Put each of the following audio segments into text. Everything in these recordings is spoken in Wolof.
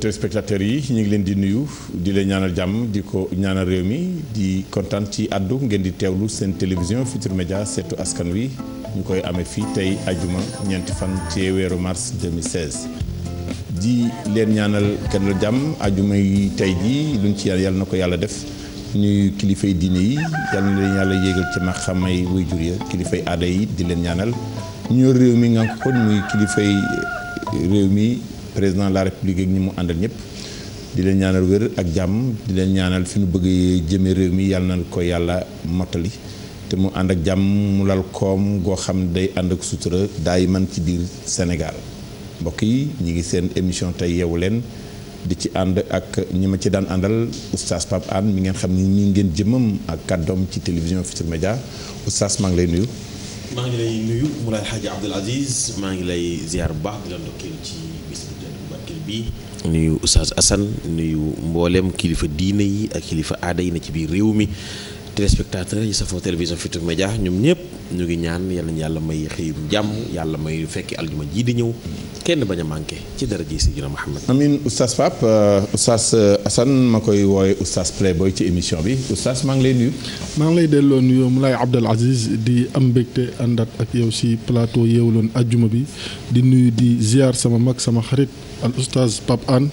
téléspectateurs yi ñu ngi leen di nuyu di leen ñaanal jàmm di ko ñaanal réew mi di kontaan ci àddu ngeen di teewlu seen télévision Futurs Médias seetu askan wi ñu koy amee fii tey ajuma ñeenti fan ci weeru mars 2016. di leen ñaanal kenn jàmm ajuma yi tey jii luñ ci yàlla na ko yàlla def ñuy kilifay diine yi yàlla na leen yàlla yéegal ci maxamay way jur ya kilifay aada yi di leen ñaanal ñu réew mi nga ko muy kilifay réew mi. président la république ak ñi mu àndal ñëpp di leen ñaanal wér ak jàmm di leen ñaanal fi mu bëggee jëme réew mi yàlla na ko yàlla mottali te mu ànd ak jàmm mu lal koom goo xam ne day ànd ak sutura daay man ci biir Sénégal mbokk yi ñi ngi seen émission tey yeewu leen di ci ànd ak ñi ma ci daan àndal oustaz Pape mi ngeen xam ni ñu ngeen jëmam ak kàddoom ci télévision Futurs Médias oustaz maa ngi lay nuyu. maa ngi lay nuyu Moulay Hadj Abdoul Aziz maa ngi lay bi nuyu Oustaz Assane nuyu mboolem kilifa diin yi ak kilifa aada yi na ci biir réew mi téléspectateurs yi safoo télévision Futurs Médias ñoom ñëpp ñu ngi ñaan yal nañu yàlla may xëyum jàmm yàlla may fekki aljuma ji di ñëw kenn bañ a manqué ci dara ji si jërëm Mouhamed. amiin oustaz Pape euh, oustaz euh, Assane ma koy wooye oustaz Playboy ci émission bi oustaz maa ngi lay nuyu. maa ngi lay delloo nuyoo Moulay Abdel Aziz di am mbégte àndaat ak yow si plateau Yeewu Leen ajjuma bi di nuyu di ziar sama mag sama xarit al oustaz Pape Anne.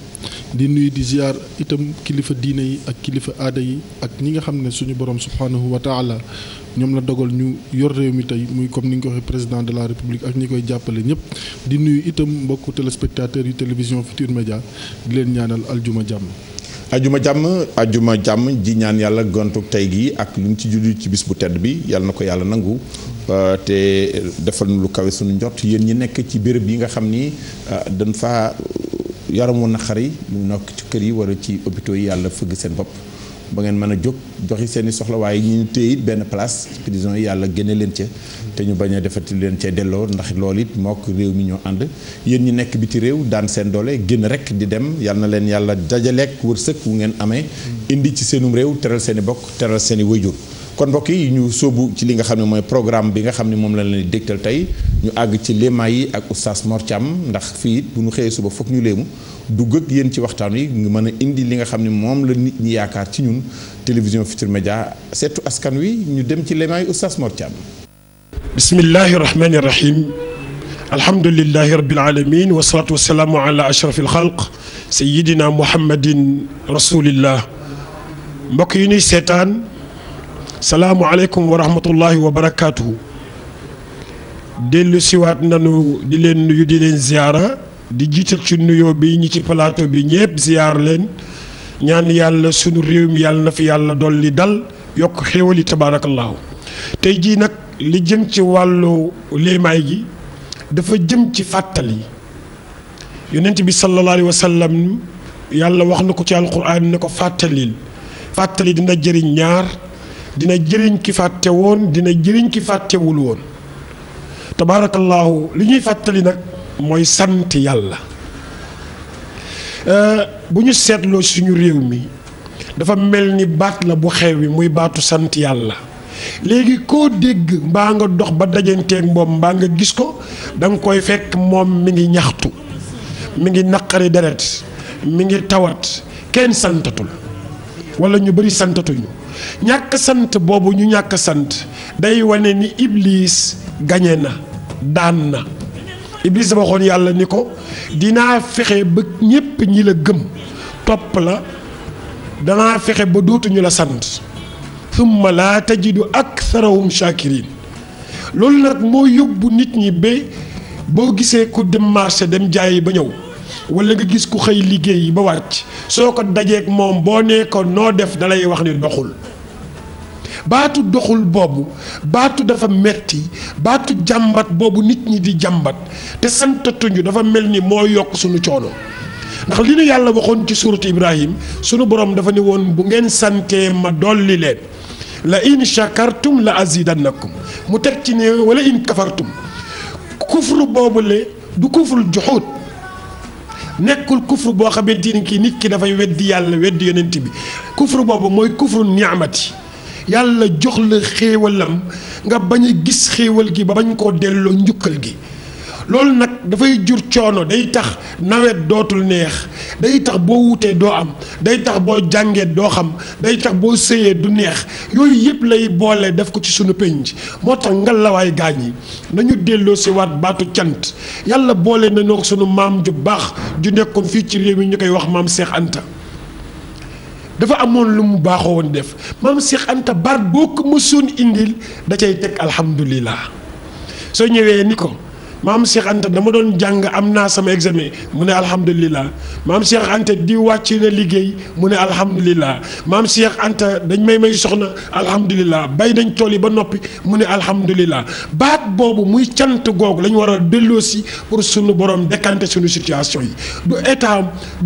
di nuyu di ziar itam kilifa diine yi ak kilifa aada yi ak ñi nga xam ne suñu borom subhanahu wa taala ñoom la dogal ñu yor réew mi tey muy comme ni nga ko waxee président de la république ak ñi koy jàppale ñëpp di nuyu itam mbokku téléspectateurs yu télévision Futur Média di leen ñaanal aljuma jàmm. ajuma jàmm ajuma jàmm ji ñaan yàlla gontuk tey gii ak lu ñu ci julli ci bis bu tedd bi yàlla na ko yàlla nangu euh, te defal nu lu kawe suñu njot yéen ñi nekk ci béréb yi nga xam ni euh, na xar yi mu nokk ci kër yi wala ci hôpitaux yi yàlla fëgg seen bopp ba ngeen mën a jóg joxi seen i soxla waaye ñu ñu téye it benn place prison yi yàlla génne leen ca te ñu bañ a defati leen cee delloo ndax lool it mook réew mi ñoo ànd yéen ñu nekk bi biti réew daan seen doole génn rek di dem yal na leen yàlla dajaleek wërsëg wu ngeen amee indi ci seenum réew teral seen i bokk teral seen i wayjur kon mbokk yi ñu soobu ci li nga xam ne mooy programme bi nga xam ne moom la leen dégtal tey ñu àgg ci léema yi ak oustaz Mor Thiam ndax fii bu ñu xëyee suba foog ñu léemu dugg ak yéen ci waxtaan wi nga mën a indi li nga xam ne moom la nit ñi yaakaar ci ñun télévision Futurs Médias seetu askan wi ñu dem ci léema yi oustaz Mor Thiam. bismillahi rahmani rahim. alhamdulilahi rabil alamin wasalaatu wasalaamu ala ashraf alxalq sayidina muhammadin rasulillah mbokk yi ñuy seetaan. salaamualeykum wa rahmatullahi wa barakaatu. dellu siwaat nanu di leen nuyu di leen ziyaara di jiital ci nuyoo bi ñu ci plateau bi ñëpp ziyaar leen ñaan yàlla sunu réew mi yàlla na fi yàlla li dal yokk xéewali tabaarakallaahu tey jii nag li jëm ci wàllu léemaay gi dafa jëm ci fàttali yonent bi sallallahu alayhi yàlla wax na ko ci alquran ne ko fàttalil fàttali dina jariñ ñaar dina jëriñ ki fàtte woon dina jëriñ ki fàttewul woon tabaarakallaahu li ñuy fàttali nag mooy sant yàlla euh, bu ñu seetloo suñu réew mi dafa mel ni baat la bu xew wi muy baatu sant yàlla léegi koo dégg mbaa nga dox ba dajanteeg moom mbaa nga gis ko danga koy fekk moom mi ngi ñaxtu mi ngi naqari deret mi ngi tawat kenn santatul wala ñu bari santatuñu ñàkk sant boobu ñu ñàkk sant day wane ni ibliis gañe na daan na Iblis dafa waxoon yàlla ni ko dinaa fexe ba ñépp ñi la gëm topp la danaa fexe ba dootuñu la sant summa laa ak aktharahum shakirin loolu nag moo yóbbu nit ñi ba boo gisee ku dem marché dem jaayi ba ñëw wala nga gis ku xëy liggéey ba wàcc soo ko dajeek moom boo nee ko noo def dalay wax ni doxul baatu doxul boobu baatu dafa metti baatu jàmbat boobu nit ñi di jàmbat te santatuñu dafa mel ni moo yokk sunu coono ndax li nu yàlla waxoon ci suuratu Ibrahim sunu boroom dafa ne woon bu ngeen sante ma dolli leen la in shakartum la azidannakum mu teg ci ne wala in kafartum kufru boobu le du kufrul juxuut nekkul kufru boo xamante ni kii nit ki dafay weddi yàlla weddi yonent bi kufru boobu mooy kufru niamati yàlla jox la xéewalam nga bañ a gis xéewal gi ba bañ koo delloo njukkal gi loolu nag dafay jur coono day tax nawet dootul neex day tax boo wutee doo am day tax boo jàngee doo xam day tax boo sëyee du neex yooyu yëpp lay boole def ko ci sunu penc moo tax ngalawaay gaañ yi nañu delloo si waat baatu cant yàlla boole na noo sunu maam ju baax ju nekkoon fii ci réew mi ñu koy wax maam Seex Anta dafa amoon lu mu baaxoo woon def maam Seex Anta baat boo ko mësoon indil da cay teg alhamdulilah soo ñëwee ni ko maam Cheikh Anta dama doon jàng am naa sama examen mu ne alhamdulilah maam Cheikh Anta di wàcc na liggéey mu ne alhamdulilah maam Cheikh Anta dañ may may soxna alhamdulilah bay dañ tool yi ba noppi mu ne alhamdulilah baat boobu muy cant googu lañu war a delloosi pour suñu borom décanter suñu situation yi du état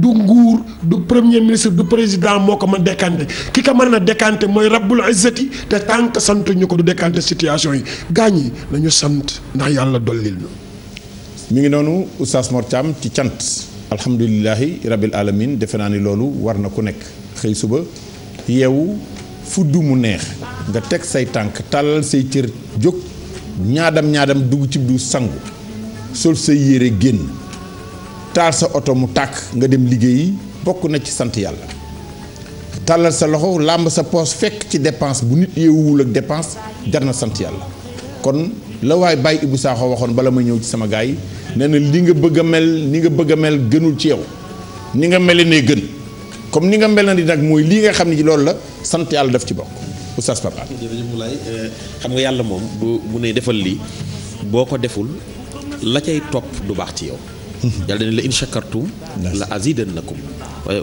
du nguur du premier ministre du président moo ko ma décanter ki ko mën a décanter mooy rabbul izzati te tànk santu ñu ko du décanter situation yi gaañ yi nañu sant ndax yàlla dollil ñu mi ngi noonu Oustaz Mor Thiam ci cant alhamdulilahi rabil alamin defe naa ni loolu war na ku nekk xëy suba yeewu fudd mu neex nga teg say tànk tàllal say cër jóg ñaadam ñaadam dugg ci du sangu sol sa yére génn taal sa oto mu tàkk nga dem liggéeyi bokk na ci sant yàlla tàllal sa loxo làmb sa poos fekk ci dépense bu nit yeewuwul ak dépense jar na sant yàlla kon la waaye Baye Ibou Sakho waxoon bala ma ñëw ci sama gars yi nee na li nga bëgg a mel ni nga bëgg mel gënul ci yow ni nga mele ne gën comme ni nga mel na ni nag mooy lii nga xam ne loolu la sant yàlla daf ci bokk oustaz Papa. jërëjëf euh, xam nga yàlla moom bu mu ne defal lii boo ko deful la cay topp du baax ci yow. yàlla dañ la in shakartum la azidannakum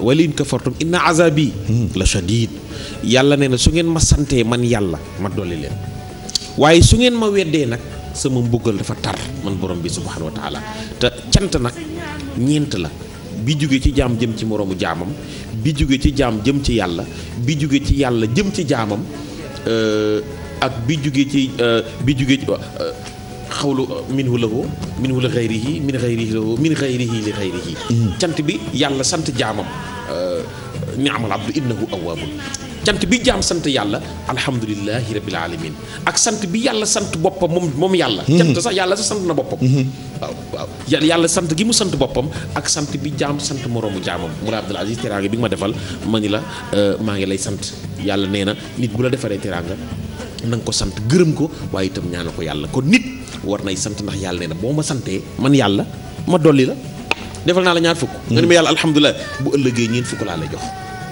wala in kafartum inna azabi hmm. la shadid yàlla ne na su ngeen ma santee man yàlla ma dolli leen. waaye su ngeen ma weddee nag sama mbugal dafa tar man borom bi subhaanahu wa taala te cant nag ñeent la bi jóge ci jaam jëm ci moroomu jaamam bi jóge ci jaam jëm ci yàlla bi jóge ci yàlla jëm ci jaamam euh, ak bi jóge ci euh, bi jóge ci euh, xawlu minhu lahu minhu li xayrihi min xayrihi lahu min xayrihi li hmm. cant bi yàlla sant jaamam ni'mal abdu innahu awwaabun cant bi jaam sant yàlla alhamdulilahi rabil alamin ak sant bi yàlla sant boppam moom moom yàlla cant mhm. sax yàlla sax sant na boppam mhm. waaw waaw yàlla sant gi mu sant boppam ak sant bi jaam sant moroomu jaamam mu la Abdul Aziz teraanga bi ma defal ma ni la euh, maa ngi lay sant yàlla nee na nit bu la defaree teraanga na nga ko sant gërëm ko waaye itam ñaana ko yàlla kon nit war nay sant ndax yàlla nee na boo ma santee man yàlla ma dolli la defal naa la ñaar fukk mhm. nga ni ma yàlla alhamdulilah bu ëllëgee ñeent fukk laa lay jox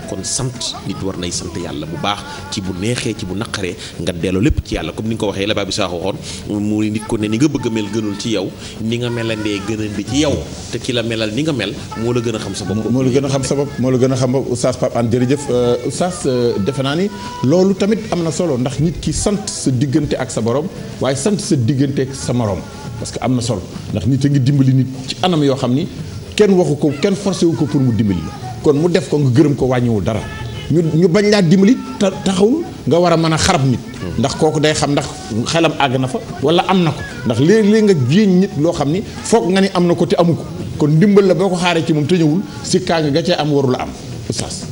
kon sant nit war nay sant yàlla bu baax ci bu neexee ci bu naqaree nga delloo lépp ci yàlla comme ni nga ko waxee la baa bi saax waxoon mu nit ko ne ni nga bëgg a mel gënul ci yow ni nga melandee gënal bi ci yow te ki la melal ni nga mel moo la gën a xam sa bopp moo la gën a xam sa bopp moo la a xam bopp oustaz Pape Hann jërëjëf euh, oustaz euh, defe naa ni loolu tamit am na solo ndax nit ki sant sa diggante ak sa borom waaye sant sa diggante ak sa morom parce que am na solo ndax nit a ngi dimbali nit ci yoo xam ni kenn waxu ko kenn forcé wu ko pour mu dimbali la kon mu def ko nga gërëm ko wàññiwul dara ñu ñu bañ laa dimbali taxawul nga war a mën a xarab nit ndax kooku day xam ndax xelam àgg na fa wala am na ko ndax léeg-léeg nga jéeñ nit loo xam ni foog nga ni am na ko amu ko kon ndimbal la boo xaaree ci moom te ñëwul si kaa nga cee am warul am oustaz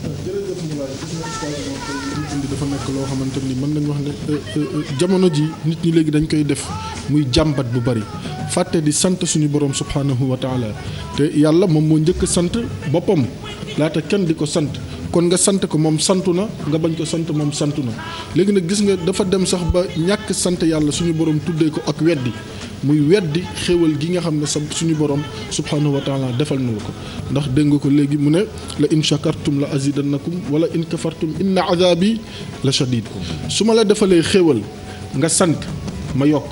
loo xamante ni mën nañu wax ne jamono ji nit ñi léegi dañ koy def muy jàmbat bu bari fàtte di sant suñu borom subhaanahu wa taala te yàlla moom moo njëkk sant boppam laata kenn di ko sant kon nga sant ko moom santu na nga bañ ko sant moom santu na léegi nag gis nga dafa dem sax ba ñàkk sant yàlla suñu borom tuddee ko ak weddi muy weddi xéwal gi nga xam ne sa suñu borom subhanahu wa taala defal na la ko ndax dégg nga ko léegi mu ne la in shakartum la azidannakum wala in kafartum inna azabi la ko su ma la defalee xéewal nga sant ma yokk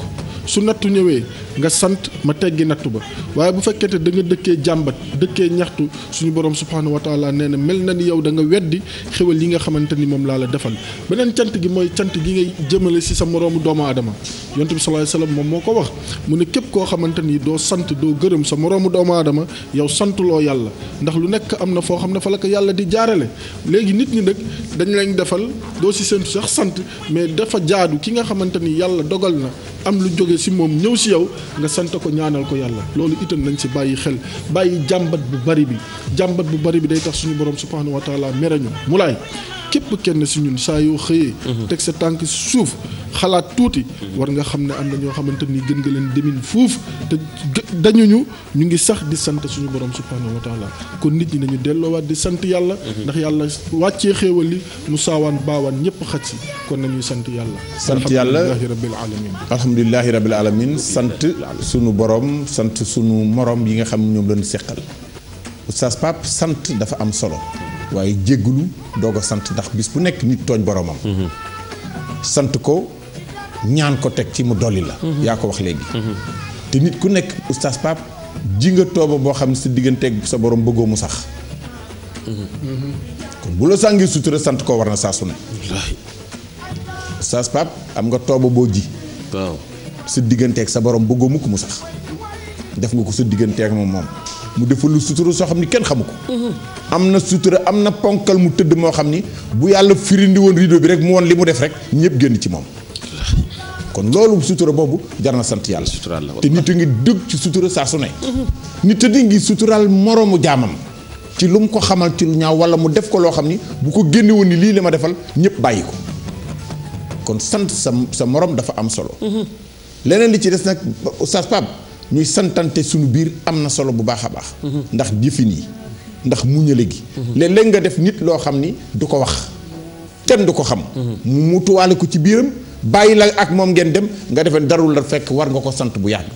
su nattu ñëwee nga sant ma teggi nattu ba waaye bu fekkente da nga dëkkee jàmbat dëkkee ñaxtu suñu borom subhaanahu wa taala nee na mel na ni yow da nga weddi xéwal yi nga xamante ni moom laa la defal beneen cant gi mooy cant gi ngay jëmale si sa moroomu doomu aadama yonent bi sallallahu alayhi moom moo ko wax mu ne képp koo xamante ni doo sant doo gërëm sa moroomu doomu aadama yow santuloo yàlla ndax lu nekk am na foo xam ne fa la ko yàlla di jaarale léegi nit ñi nag dañ lañ defal doo si séntu sax sant mais dafa jaadu ki nga xamante ni yàlla dogal na am lu jóge si moom ñëw si yow nga sant ko ñaanal ko yàlla loolu itam nañ ci bàyyi xel bàyyi jàmbat bu bari bi jàmbat bu bari bi day tax suñu borom subhanahu wa taala mere ñu mu laay képp kenn si ñun saa yoo xëyee mhm. teg sa tànk suuf xalaat tuuti war nga xam ne am na ñoo xamante ni gën nga leen demin fuuf te dañu ñu ñu ngi sax di sant suñu borom subhanahu wa taala kon nit ñi nañu delloowaat di sant yàlla mhm. ndax yàlla wàccee xéewal li mu saawaan baawaan ñëpp xaj si kon nañuy sant yàlla sant yàlla rabbil alamin alhamdulilahi rabbil alamin sant suñu boroom sant suñu moroom yi nga xam ñoom lañu seqal oustaz Pape sant dafa am solo waaye jéggulu doog a sant ndax bis bu nekk nit tooñ boromam mhm. sant ko ñaan ko teg ci mu dolli la. Mhm. yaa ko wax léegi. Mhm. te nit ku nekk oustaz Pape ji nga tooba boo xam ne sa digganteeg sa borom bëggoo mu sax. Mhm. kon bu la sàngi sutura sant koo war na saa am nga tooba boo ji. waaw sa digganteeg sa borom bëggoo mukk mu sax. def nga ko sa digganteeg moom moom. mu defal lu sutura soo xam ni kenn xamu ko. am na sutura am na ponkal mu tëdd moo xam ni bu yàlla firindi woon rideau bi rek mu woon li mu def rek ñëpp génn ci moom. kon loolu sutura boobu jar na sant yàlla. te nit a ngi dugg ci sutura saa su ne. nit a ngi suturaal moroomu jaamam. ci lu mu ko xamal ci lu ñaaw wala mu def ko loo xam ni bu ko génne ni lii la ma defal ñëpp bàyyi ko kon sant sa sa morom dafa am solo. leneen li ci des nag Oustaz Pape ñuy santante suñu biir am na solo bu baax a baax. ndax jëfin yi ndax muñale gi. léeg-léeg nga def nit loo xam ni du ko wax kenn du ko xam. mu mutuwaale ko ci biiram. bàyyi la ak moom ngeen dem nga defee darul la fekk war nga ko sant bu yàgg.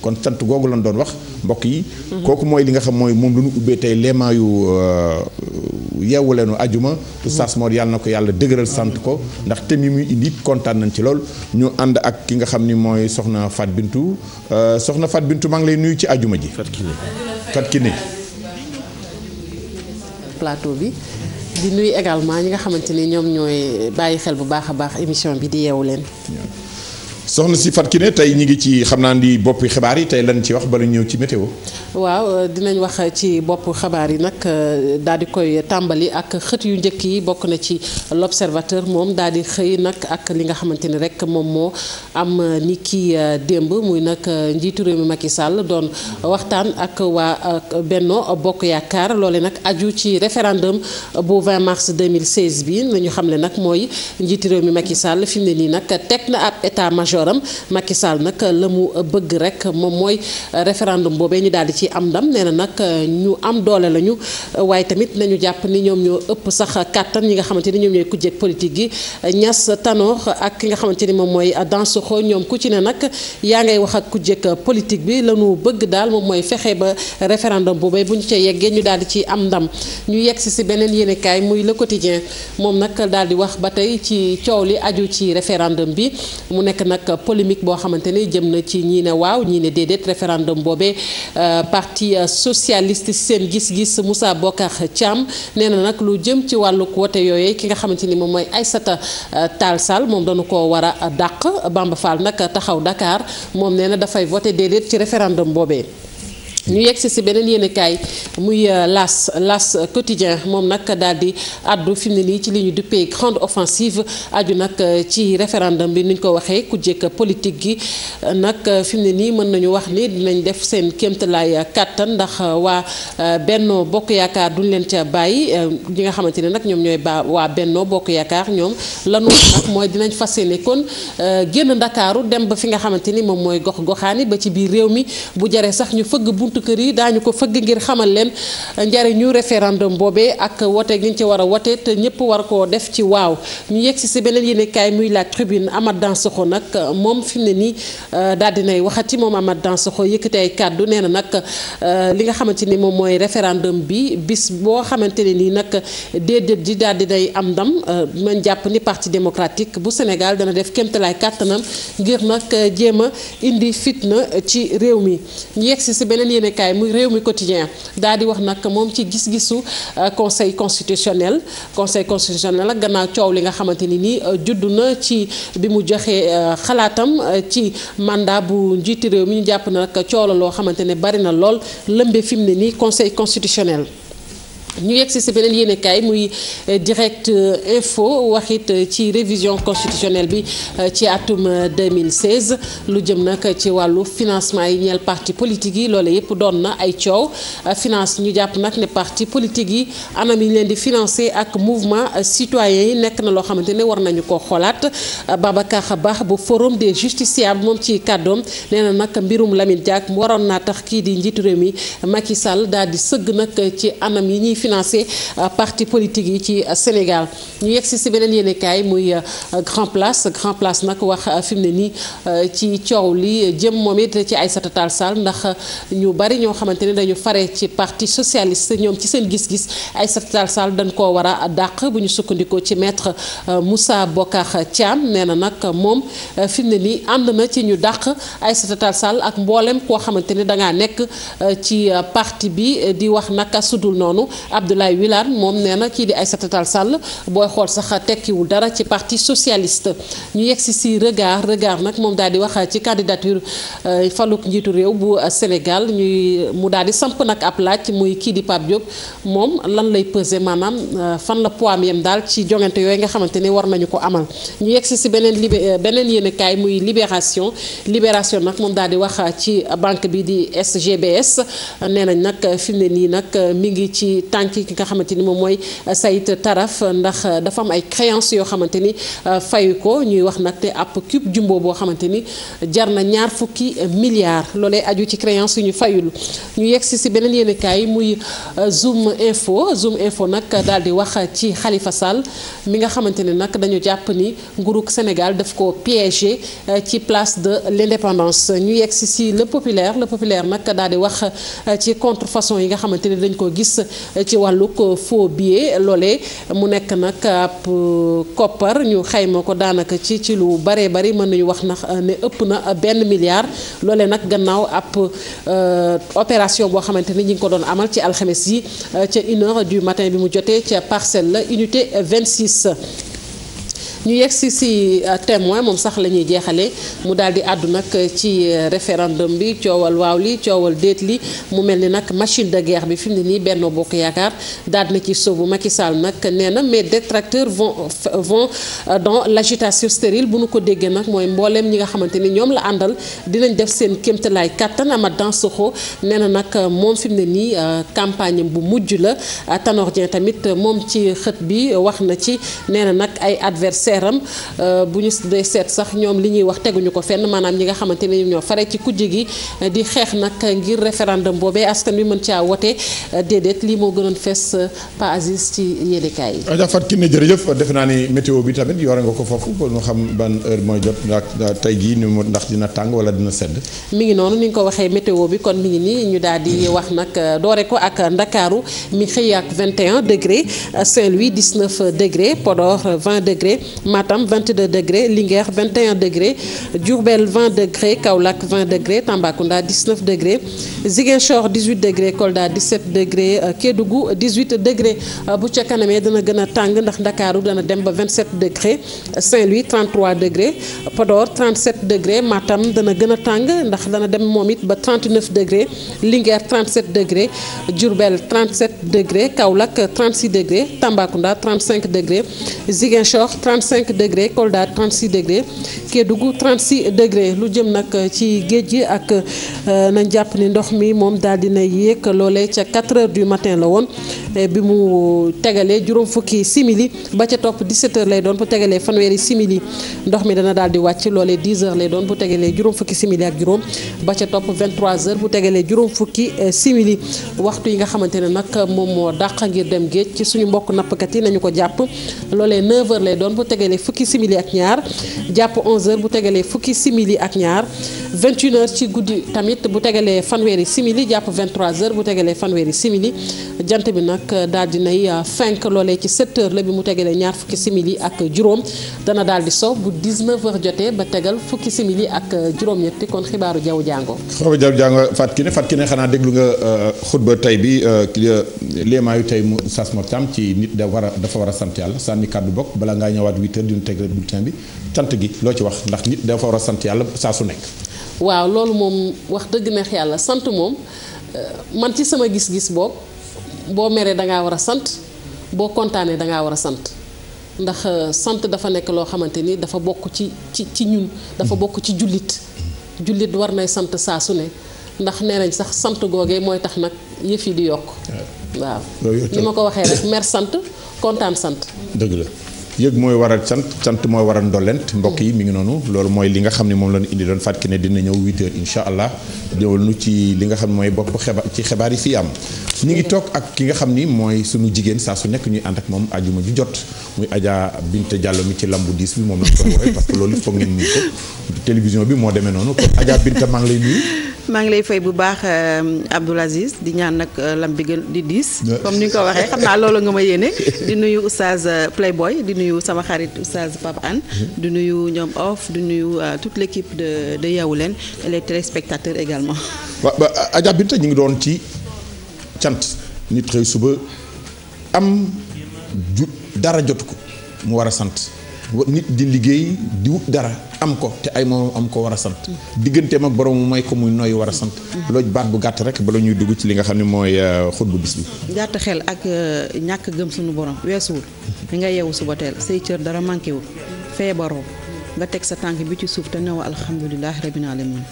kon sant googu lañ doon wax mbokk yi. kooku mooy li nga xam mooy moom lu ñu ubbee tey leemaa yu euh, yeewu leenu ajuma. Oustaz Mor yàlla na ko yàlla dëgëral sant ko ndax thème yi muy indi kontaan nañ ci lool ñu ànd ak ki nga xam ni mooy soxna Fat Bintu euh, soxna Fat Bintu maa ngi lay nuyu ci ajuma ji. Fat Kiné ki ne plateau bi. di nuyu également ñi nga xamante ni ñoom ñooy bàyyi xel bu baax a baax émission bi di yeewu leen. soxna si Fatou Kiné tey ñu ngi ci xam naa di bopp xibaar yi tey lan ci wax bala ñëw ci météo. waaw euh, dinañ wax ci bopp xabaar yi nag euh, daal di koy tàmbali ak xët yu njëkk yi bokk na ci l'observateur moom daal di xëy nag ak li nga xamante ni rek moom moo am ni kii euh, démb muy nag njiitu réew mi Macky sàll doon waxtaan ak waa Benno Bokk Yaakaar loole nag aju ci référendum bu 20 mars 2016 bi nañu xam ne nag mooy njiitu réew mi Macky Sall fi mu ne nii nag teg na ab état coram Macky Sall nag la mu bëgg rek moom mooy référendum boobee ñu daal di ci am ndam nee na nag ñu am doole lañu waaye tamit nañu jàpp ni ñoom ñoo ëpp sax kàttan ñi nga xamante ni ñoom ñooy kujjeeg politique gi Niass Tanor ak ki nga xamante ni moom mooy Dansokho ñoom ku ci ne nag yaa ngay wax ak kujjeeg politique bi lañu bëgg daal moom mooy fexe ba référendum boobee bu ñu yeggee ñu daal di ci am ndam ñu yegg si si beneen yéenekaay muy le quotidien moom nag daal di wax ba tey ci coow li aju ci référendum bi mu nekk nag ak polémique boo xamante ni jëm na ci ñii ne waaw ñii ne déedéet référendum boobee euh, parti euh, socialist seen gis-gis Moussa Bokar Thiam nee na nag lu jëm ci wàllu wote yooyee ki nga xamante ni moom mooy Aïssata euh, Tall Sall moom dañu ko war a dàq Bamba Fall nag taxaw Dakar moom nee na dafay voté déedéet ci référendum boobee. ñu yegg si si beneen kaay muy euh, las las quotidien moom nag daal di àddu fi mu ne nii ci li ñu duppee grande offensive aju nag euh, ci référendum bi ni ñu ko waxee ku jekk politique gi nag euh, fi mu ne nii mën nañu wax ni dinañ def seen kéemtalaay kàttan ndax waa Benno Bokk Yaakaar duñ leen ca bàyyi ñi nga xamante ne nag ñoom ñooy ba waa Benno Bokk Yaakaar ñoom lanu nag mooy dinañ fas yéene kon génn Ndakaaru dem ba fi nga xamante ni moom mooy gox goxaani ba ci biir réew mi buntu kër yi daañu ko fëgg ngir xamal leen ñu référendum boobee ak wote gi ñu ci war a wote te ñëpp war koo def ci waaw ñu yegg si si beneen yéenekaay muy la tribune Amath Dansokho nag moom fi mu ne nii euh, daal dinay waxati moom Amath Dansokho yëkkati ay kàddu nee na nag euh, li nga xamante ni moom mooy référendum bi bis boo xamante ne nii nag déedéet ji daal dinay am ndam euh, man jàpp ni parti démocratique bu Sénégal dana def kéemtalaay kàttanam ngir nag jéem a indi fitna ci réew mi yéenekaay muy réew mi quotidien daal di wax nag moom ci gis-gisu euh, conseil constitutionnel conseil constitutionnel nag gannaaw coow li nga xamante ni nii euh, juddu na ci bi mu joxee euh, xalaatam ci mandat bu njiiti réew mi ñu jàpp na nag coow la loo xamante ne bari na lool lëmbe fi mu ne nii conseil constitutionnel ñu yegg si si beneen yéenekaay muy euh, direct euh, info waxit euh, ci révision constitutionnelle bi ci atum 2016 lu jëm nag ci wàllu financement yi ñeel parti politique yi loole yëpp doon na ay coow finance ñu jàpp nag ne parti politique yi anam yi leen di financé ak mouvement citoyen yi nekk na loo xamante ne war nañu ko xoolaat Babacar Ba bu forum des justiciables moom ci kàddoom nee na nag mbirum Lamine Diack waroon naa tax kii di njiitu réew mi Macky Sall di sëgg financer euh, parti politique yi ci euh, Sénégal ñu yegg si si beneen yéenekaay muy euh, Grand Place Grand Place nag wax fi mu ne nii ci coow li jëm moom it ci ay Tall Sall ndax ñu bari ñoo xamante ne dañu fare ci parti socialiste ñoom ci seen gis-gis ay Tall Sall dañ koo war a dàq bu ñu sukkandikoo ci maître Moussa Bokar Thiam nee na nag moom fi ne nii ànd na ci ñu dàq ay Tall Sall ak mboolem koo xamante ne dangaa nekk ci parti bi di wax naka sudul noonu Abdoulaye Wilane moom nee na kii di ay Aïssata Tall Sall booy xool sax tekkiwul dara ci parti socialiste ñu yegg si si regard regard nag moom daal di wax ci candidature euh, faluk njiitu réew bu Sénégal ñuy mu daal di samp nag ab laaj muy kii di Pape Diop moom lan lay peser maanaam euh, fan la poids yem daal ci jongante yooyu nga xamante ni war nañu ko amal ñu yegg si si beneen lib euh, beneen yéenekaay muy libération libération nag moom daal di wax ci banque bi di SGBS nee nañ nag fi ne nii nag mi ngi ci tànk ki nga xamante ni moom mooy sayt Taraf ndax dafa am ay créances yoo xamante ni euh, fayu ko ñuy wax nag te ab cube jumbo boo xamante ni jar na ñaar fukki milliards loolee aju ci créance yu ñu fayul ñu yegg si si beneen yéenekaay muy euh, Zoom info Zoom info nag daal di wax ci xalifa Sall mi nga xamante ne nag dañu jàpp ni nguurug Sénégal daf ko piégé euh, ci place de l'indépendance ñu yegg si si le populaire le populaire nag daal di wax ci contrefaçon yi nga xamante ci wàllu ko euh, faux billet loolee mu nekk nag ab euh, koppar ñu xayma ko daanaka ci ci lu baree bari mën nañu wax nax euh, ne ëpp na benn milliard loolee nag gannaaw ab opération boo xamante ni ñi ngi ko doon amal ci alxames yi ca une heure du matin bi mu jotee ca parcelle la unité vingt 26. ñu yegg si si euh, témoin moom sax la ñuy jeexalee mu daal di àddu nag ci euh, référendum bi coowal waaw li coowal déet li mu mel ni nag machine de guerre bi fi mu ne nii Benno Bokk Yaakaar daal na ci sóobu Macky Sall nag nee na mes détracteurs vont vont euh, dans l'agitation stérile bu nu ko déggee nag mooy mbooleem ñi nga xamante ni ñoom la àndal dinañ def seen kéemtalaay kattan Amath Dansokho nee na nag moom fi mu ne nii campagne bu mujj la Tanor tamit moom ci xët bi wax na ci seeram euh, bu ñu dee seet sax ñoom li ñuy wax teguñu ko fenn maanaam ñi nga xamante ne ñoo fare ci kujje gi euh, di xeex nag ngir référendum boobee askan wi mën caa wote euh, déedéet lii moo gënoon fees Pa Aziz ci yéenekaay yi. Adja Fatou Kiné jërëjëf defe naa ne météo bi tamit yore nga ko foofu ba ñu xam ban heure mooy jot ndax tey jii ni mu ndax dina tàng wala dina sedd. mi ngi noonu ni nga ko waxee météo bi kon mi ngi nii ñu daal di wax nag doore ko ak Ndakaaru mi xëy ak 21 degré Saint-Louis 19 degré Podor 20 Matam 22 degré Linguère 21 degré Diourbel 20 degré Kaolack 20 degré Tambacounda 19 degré Ziguinchor 18 degré Kolda 17 degré euh, Kédougou 18 degré euh, bu ca kanamee dana gën a tàng ndax Ndakaaru dana dem ba 27 degré Saint-Louis 33 degré Podor 37 degré Matam dana gën a tàng ndax dana dem moom it ba 39 degré Linguère 37 degré Diourbel 37 degré Kaolack 36 degré Tambacounda 35 degré 35 degré Kolda 36 degré Kédougou 36 degré lu jëm nag euh, ci géej gi ak euh, nañ jàpp ni ndox mi moom daal dina yéeg loolee ca 4 heures du matin la woon bi mu tegalee juróom fukki simili ba ca topp 17 heures lay doon bu tegalee fanweeri simili ndox mi dana daal di wàcc loolee 10 heures lay doon bu tegalee juróom fukki simili ak juróom ba ca topp 23 heures bu tegalee juróom fukki euh, simili waxtu yi nga xamante ne nag moom moo dàq ngir dem géej ci suñu mbokk nappkat yi nañu ko jàpp loolee 9 lay doon tegalee fukki simili ak ñaar jàpp 11h bu tegalee fukki simili ak ñaar 21h ci guddi tamit bu tegalee fanweeri simili jàpp 23h bu tegalee fanweeri simili jant bi nag daal di nay euh, fenk loolee ci 7h la bi mu tegalee ñaar fukki simili ak juróom dana daal di sow bu 19 jotee ba tegal fukki simili ak euh, juróom-ñetti kon xibaaru jaw jàngoo. xibaaru jaww jàngoo Fatou Kiné Fatou Kiné xanaa déglu nga euh, xutba tey bi léemaayu tey mu sas Mor Thiam ci nit da war a dafa war a sant yàlla sànni kàddu auditeurs dina tegle bulletin bi cant gi loo ci wax ndax nit dafa war a sant yàlla saa su nekk. waaw loolu moom wax dëgg neex yàlla sant moom euh, man ci sama gis-gis boobu boo meree da ngaa war a sant boo kontaanee da ngaa war a sant ndax euh, sant dafa nekk loo xamante ni dafa bokk ci ci ci ñun. dafa bokk ci jullit jullit war nay sant saa su ne ndax nee nañ sax sant googee mooy tax nag yëf yi di yokk. waaw ni ma ko waxee rek mer sant kontaan sant. dëgg yëg mooy waral sant sant mooy waral ndolent mbokk yi mi ngi noonu loolu mooy li nga xam ne moom la ñu indi doon ne dina ñëw 8 heures allah ñëwal nu ci li nga xam ne mooy yi fii ñu ngi toog ak nga xam ni mooy suñu jigéen saa su nekk ñuy ànd ak moom ajuma ju jot muy Adja Binte Diallo mi ci lambu diis bi moom lañ ko waxee parce que loolu foog ngeen ni ko bi moo demee noonu kon Adja Binte maa ngi lay nuyu bu baax euh, Abdoul Aziz di ñaan nag euh, lam bi gën di diis comme ni nga ko waxee xam naa loolu nga ma yéene di nuyu euh, Playboy nuyu sama xarit oustaz Pape Anne mhm. du nuyu ñoom off du nuyu euh, toute l' équipe de de Yeewu Leen les téléspectateurs également. waaw ba Adja Binta ñu ngi doon ci cant nit xëy suba am dara jotu ko mu war a sant. nit di liggéey di wut dara am ko te ay moom am ko war a sant diggante ma borom mooy ko muy nooy war a sant looj baat bu gàtt rek la ñuy dugg ci li nga xam ne mooy euh, xut bu bis bi gàtt xel ak euh, ñàkk gëm suñu borom weesuwul li nga yeewu suba teel say cër dara manqué wul feebaroo nga teg sa tànk bi ci suuf te newa alhamdulilah rabbil alamin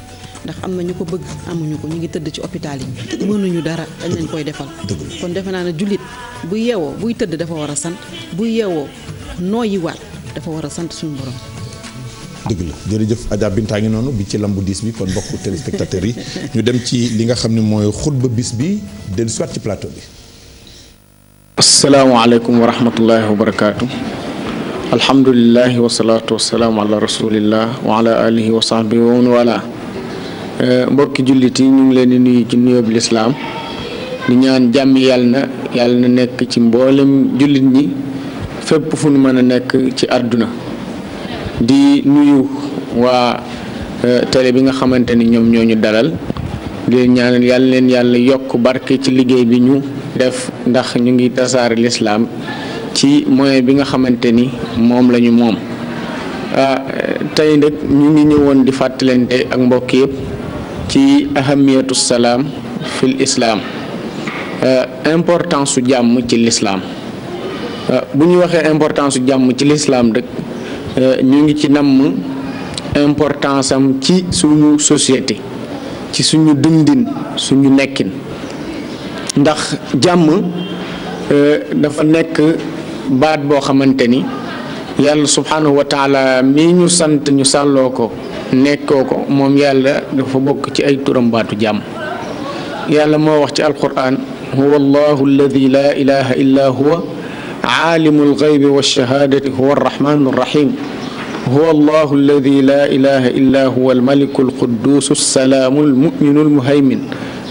ndax am na ñu ko bëgg amuñu ko ñu ngi tëdd ci hôpital yi mënuñu dara dañ koy defal kon defe naa ne jullit bu yeewoo buy tëdd dafa war a sant bu yeewoo nooyi waat dafa war a sant suñu borom. dëgg la jërëjëf Adja Binta ngi noonu bi ci lambu diis bi kon mbokk téléspectateurs yi ñu dem ci li nga xam ne mooy ba bis bi dellu siwaat ci plateau bi. asalaamaaleykum wa rahmatullahi wa barakaatu. alhamdulilahi wasalaatu wasalaamu ala rasulillah wa ala alihi wa sahbihi wa eh, jullit yi ñu ngi leen di nuyu ci nuyoob lislaam di ñaan jàmm yàlla na yàlla na nekk ci mboolem jullit ñi. fépp fu nu mën a nekk ci àdduna di nuyu waa eh, télé bi nga xamante ni ñoom ñoo ñu dalal di leen yàlla leen yàlla yokk barke ci liggéey bi ñu def ndax ñu ngi tasaare lislaam ci moyen bi nga xamante ni moom la ñu moom. Ah, tey nag ñu ngi ñëwoon di fàttalante ak mbokk yëpp ci ahamiyatu salaam fil islaam eh, importance su jàmm ci lislaam bu ñu waxee importance su jàmm ci lislaam rek euh, ñu ngi ci namm importance am ci suñu société ci suñu dundin suñu nekkin ndax jàmm euh, dafa nekk baat boo xamante ni yàlla subhanahu wa taala mi ñu sant ñu sàlloo ko nekkoo ko moom yàlla dafa bokk ci ay turam baatu jàmm yàlla moo wax ci alquran huwa allahu alladi laa huwa aalimul xaybi wa shahaadati huwa arrahmaanu arrahiim huwa allahu alladi laa ilaha illa huwa almaliku alquduusu assalaamu almuminu almuhaymin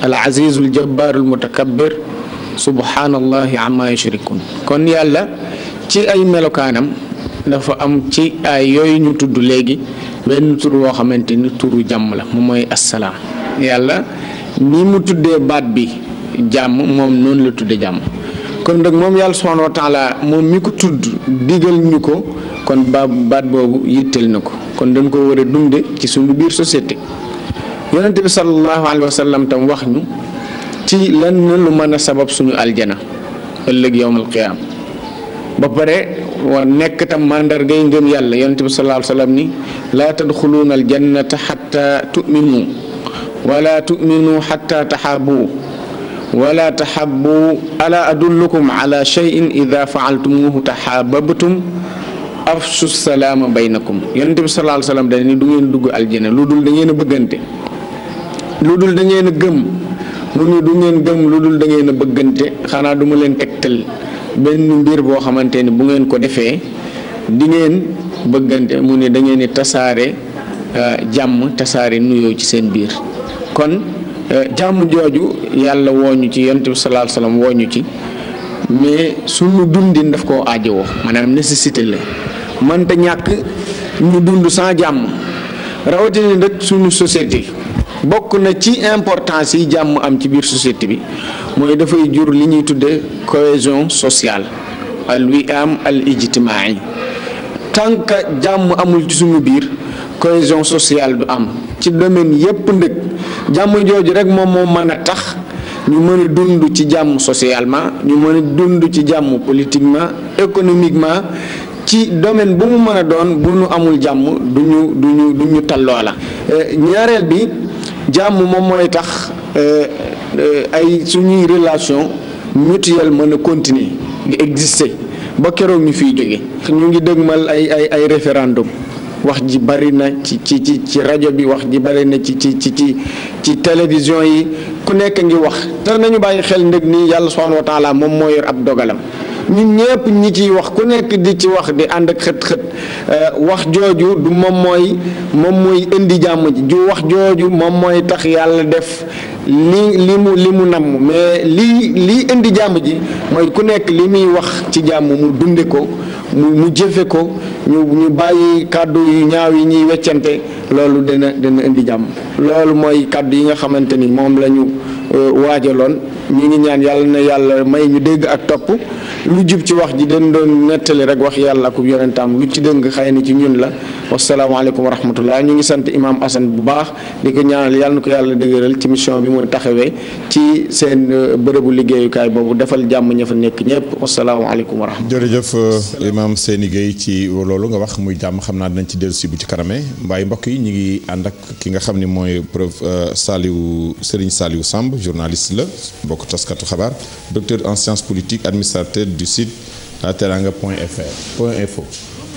alazizu aljabbaaru almutakabbir subhaanallahi amma yushrikun kon yàlla ci ay melokaanam dafa am ci ay yooyu ñu tudd léegi benn tur woo xamante ni turu jàmm la moom mooy assalaam yàlla ni mu tuddee baat bi jàmm moom noonu la tudde jàmm kon nag moom yàlla subhaanahu wa moom mi ko tudd digal ñu ko kon baat boobu yitteel na ko kon dañ ko war a dunde ci suñu biir société yonente bi sallallahu alayhi wa tam wax ñu ci lan lu mën a sabab suñu aljana ëllëg yowmal qiyaam ba pare wa nekk tam màndargay ngëm yàlla yonente bi sallallahu alayhi ni laa tadxuluuna aljannata xatta tuminu wala tuminu xatta taxaabu wala taxabu ala adullukum ala cheyin ida faaltumuhu taxaababtum afsu salaama baynakum yonente bi salaa salaam dane ni du ngeen dugg aljana lu dul da ngeen a bëggante lu dul da ngeen a gëm lu gëm lu dul da ngeen a bëggante xanaa duma ma leen tegtal benn mbir boo xamante ni bu ngeen ko defee di ngeen bëggante mu ne dangeen di tasaare euh, jàmm tasaare nuyoo ci seen biir kon Euh, jàmm jooju yàlla wooñu ci yonent bi sallallahu alayhi wooñu ci mais sunu dundin daf koo aajowoo maanaam nécessité la mante ñàkk ñu dund sans jàmm rawatina nag sunu société bokk na ci importance yi jàmm am ci biir société bi mooy dafay jur li ñuy tudde cohésion sociale al wi'am al ijtimaai tant que jàmm amul ci biir cohésion sociale du am ci domaine yépp ndëkk jàmm jooju rek moom moo mën a tax ñu mën a dund ci jàmm socialement ñu mën a dund ci jàmm politiquement économiquement ci domaine bu mu mën a doon bu ñu amul jàmm du ñu du ñu du ñu talloo la eh, ñaareel bi jàmm moom mooy tax eh, eh, ay suñuy relation mutuelle mën a continuer di exister ba keroog ñu fiy jóge ñu ngi dëgmal ay ay ay référendum wax ji bari na ci ci ci ci rajo bi wax ji bari na ci ci ci ci ci télévision yi ku nekk ngi wax te nañu bàyyi xel ndëg nii yàlla subhanahu wa taala moom moo ab dogalam ñun ñëpp ñi ciy wax ku nekk di ci wax di ànd ak xët xët euh, wax jooju du moom mooy moom mooy indi jàmm ji ju wax jooju moom mooy tax yàlla def li li mu li mu namm mais lii lii indi jàmm ji mooy ku nekk li muy wax ci jàmm mu dunde ko mu mu jëfe ko ñu ñu bàyyi kàddu yu ñaaw yi ñuy weccante loolu dana dina indi jàmm loolu mooy kàddu yi nga xamante ni moom la ñu euh, waajaloon ñu ngi ñaan yàlla na yàlla may ñu dégg ak topp lu jub ci wax ji dañ doon nettali rek wax yàlla akub yonentaam lu ci dëng xay na ci ñun la wasalaamaaleykum wa rahmatullah ñu ngi sant imaam Assane bu baax di ko ñaanal yàlla na ko yàlla dëgëral ci mission bi mu taxawee ci seen euh, bërëbu liggéeyukaay boobu defal jàmm ña fa nekk ñëpp wasalaamaaleykum wa rahmatullah. jërëjëf euh, imaam Seyni Gueye ci loolu nga wax muy jàmm xam naa dinañ ci dellusi bu ci kaname mbaay mbokk yi ñu ngi ànd ak ki nga xam ne mooy prof euh, Saliou Serigne Saliou Samb journaliste la mbokk taskatu xabaar docteur en sciences politiques administrateur du site teranga point fr point info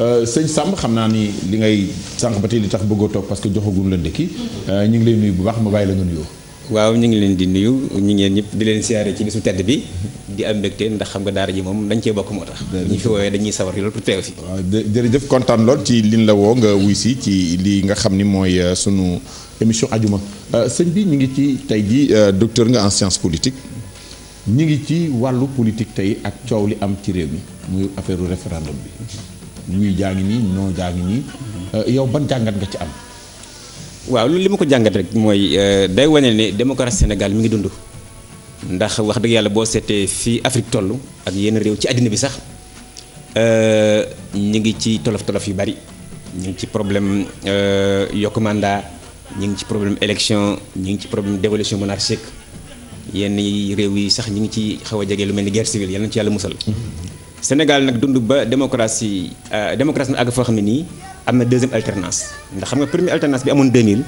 euh, sëñ Samb xam naa ni li ngay sànq ba tey li tax bëggoo toog parce que joxagul la ndekki euh, ñu ngi lay nuyu bu baax ma bàyyi la nga nuyoo. waaw ñu ngi leen di nuyu ñu ngeen ñëpp di leen siyaare ci bisu tedd bi di am mbégte ndax xam nga daara ji moom dañ cee bokk moo tax ñu fi woowee dañuy sawar yi loolu pour teew si waaw jërëjëf kontaan lool ci liñ la woo nga li nga xam ni mooy euh, sunu émission ajuma euh, sëñ bi ñu ngi ci tey ji euh, docteur nga en science politique ñu ngi ci wàllu politique tey ak coow li am ci réew mi muy affaire référendum bi ñuy jaa ngi nii non jaa ngi nii euh, yow ban jàngat nga ci am waaw loolu li ma ko jàngat rek mooy day wane ni démocratie Sénégal mi ngi dund ndax wax dëgg yàlla boo seetee fii Afrique toll ak yenn réew ci àddina bi sax ñu ngi ci tolof tolof yu bari ñu ngi ci problème yokku mandat ñu ngi ci problème élection ñu ngi ci problème d'évolution monarchique yenn réew yi sax ñu ngi ci xaw a jege lu mel ni guerre civile yal na ci yàlla musal. Sénégal nag dund ba démocratie euh, démocratie na àgg foo xam ne nii am na deuxième alternance ndax xam nga première alternance bi amoon 2000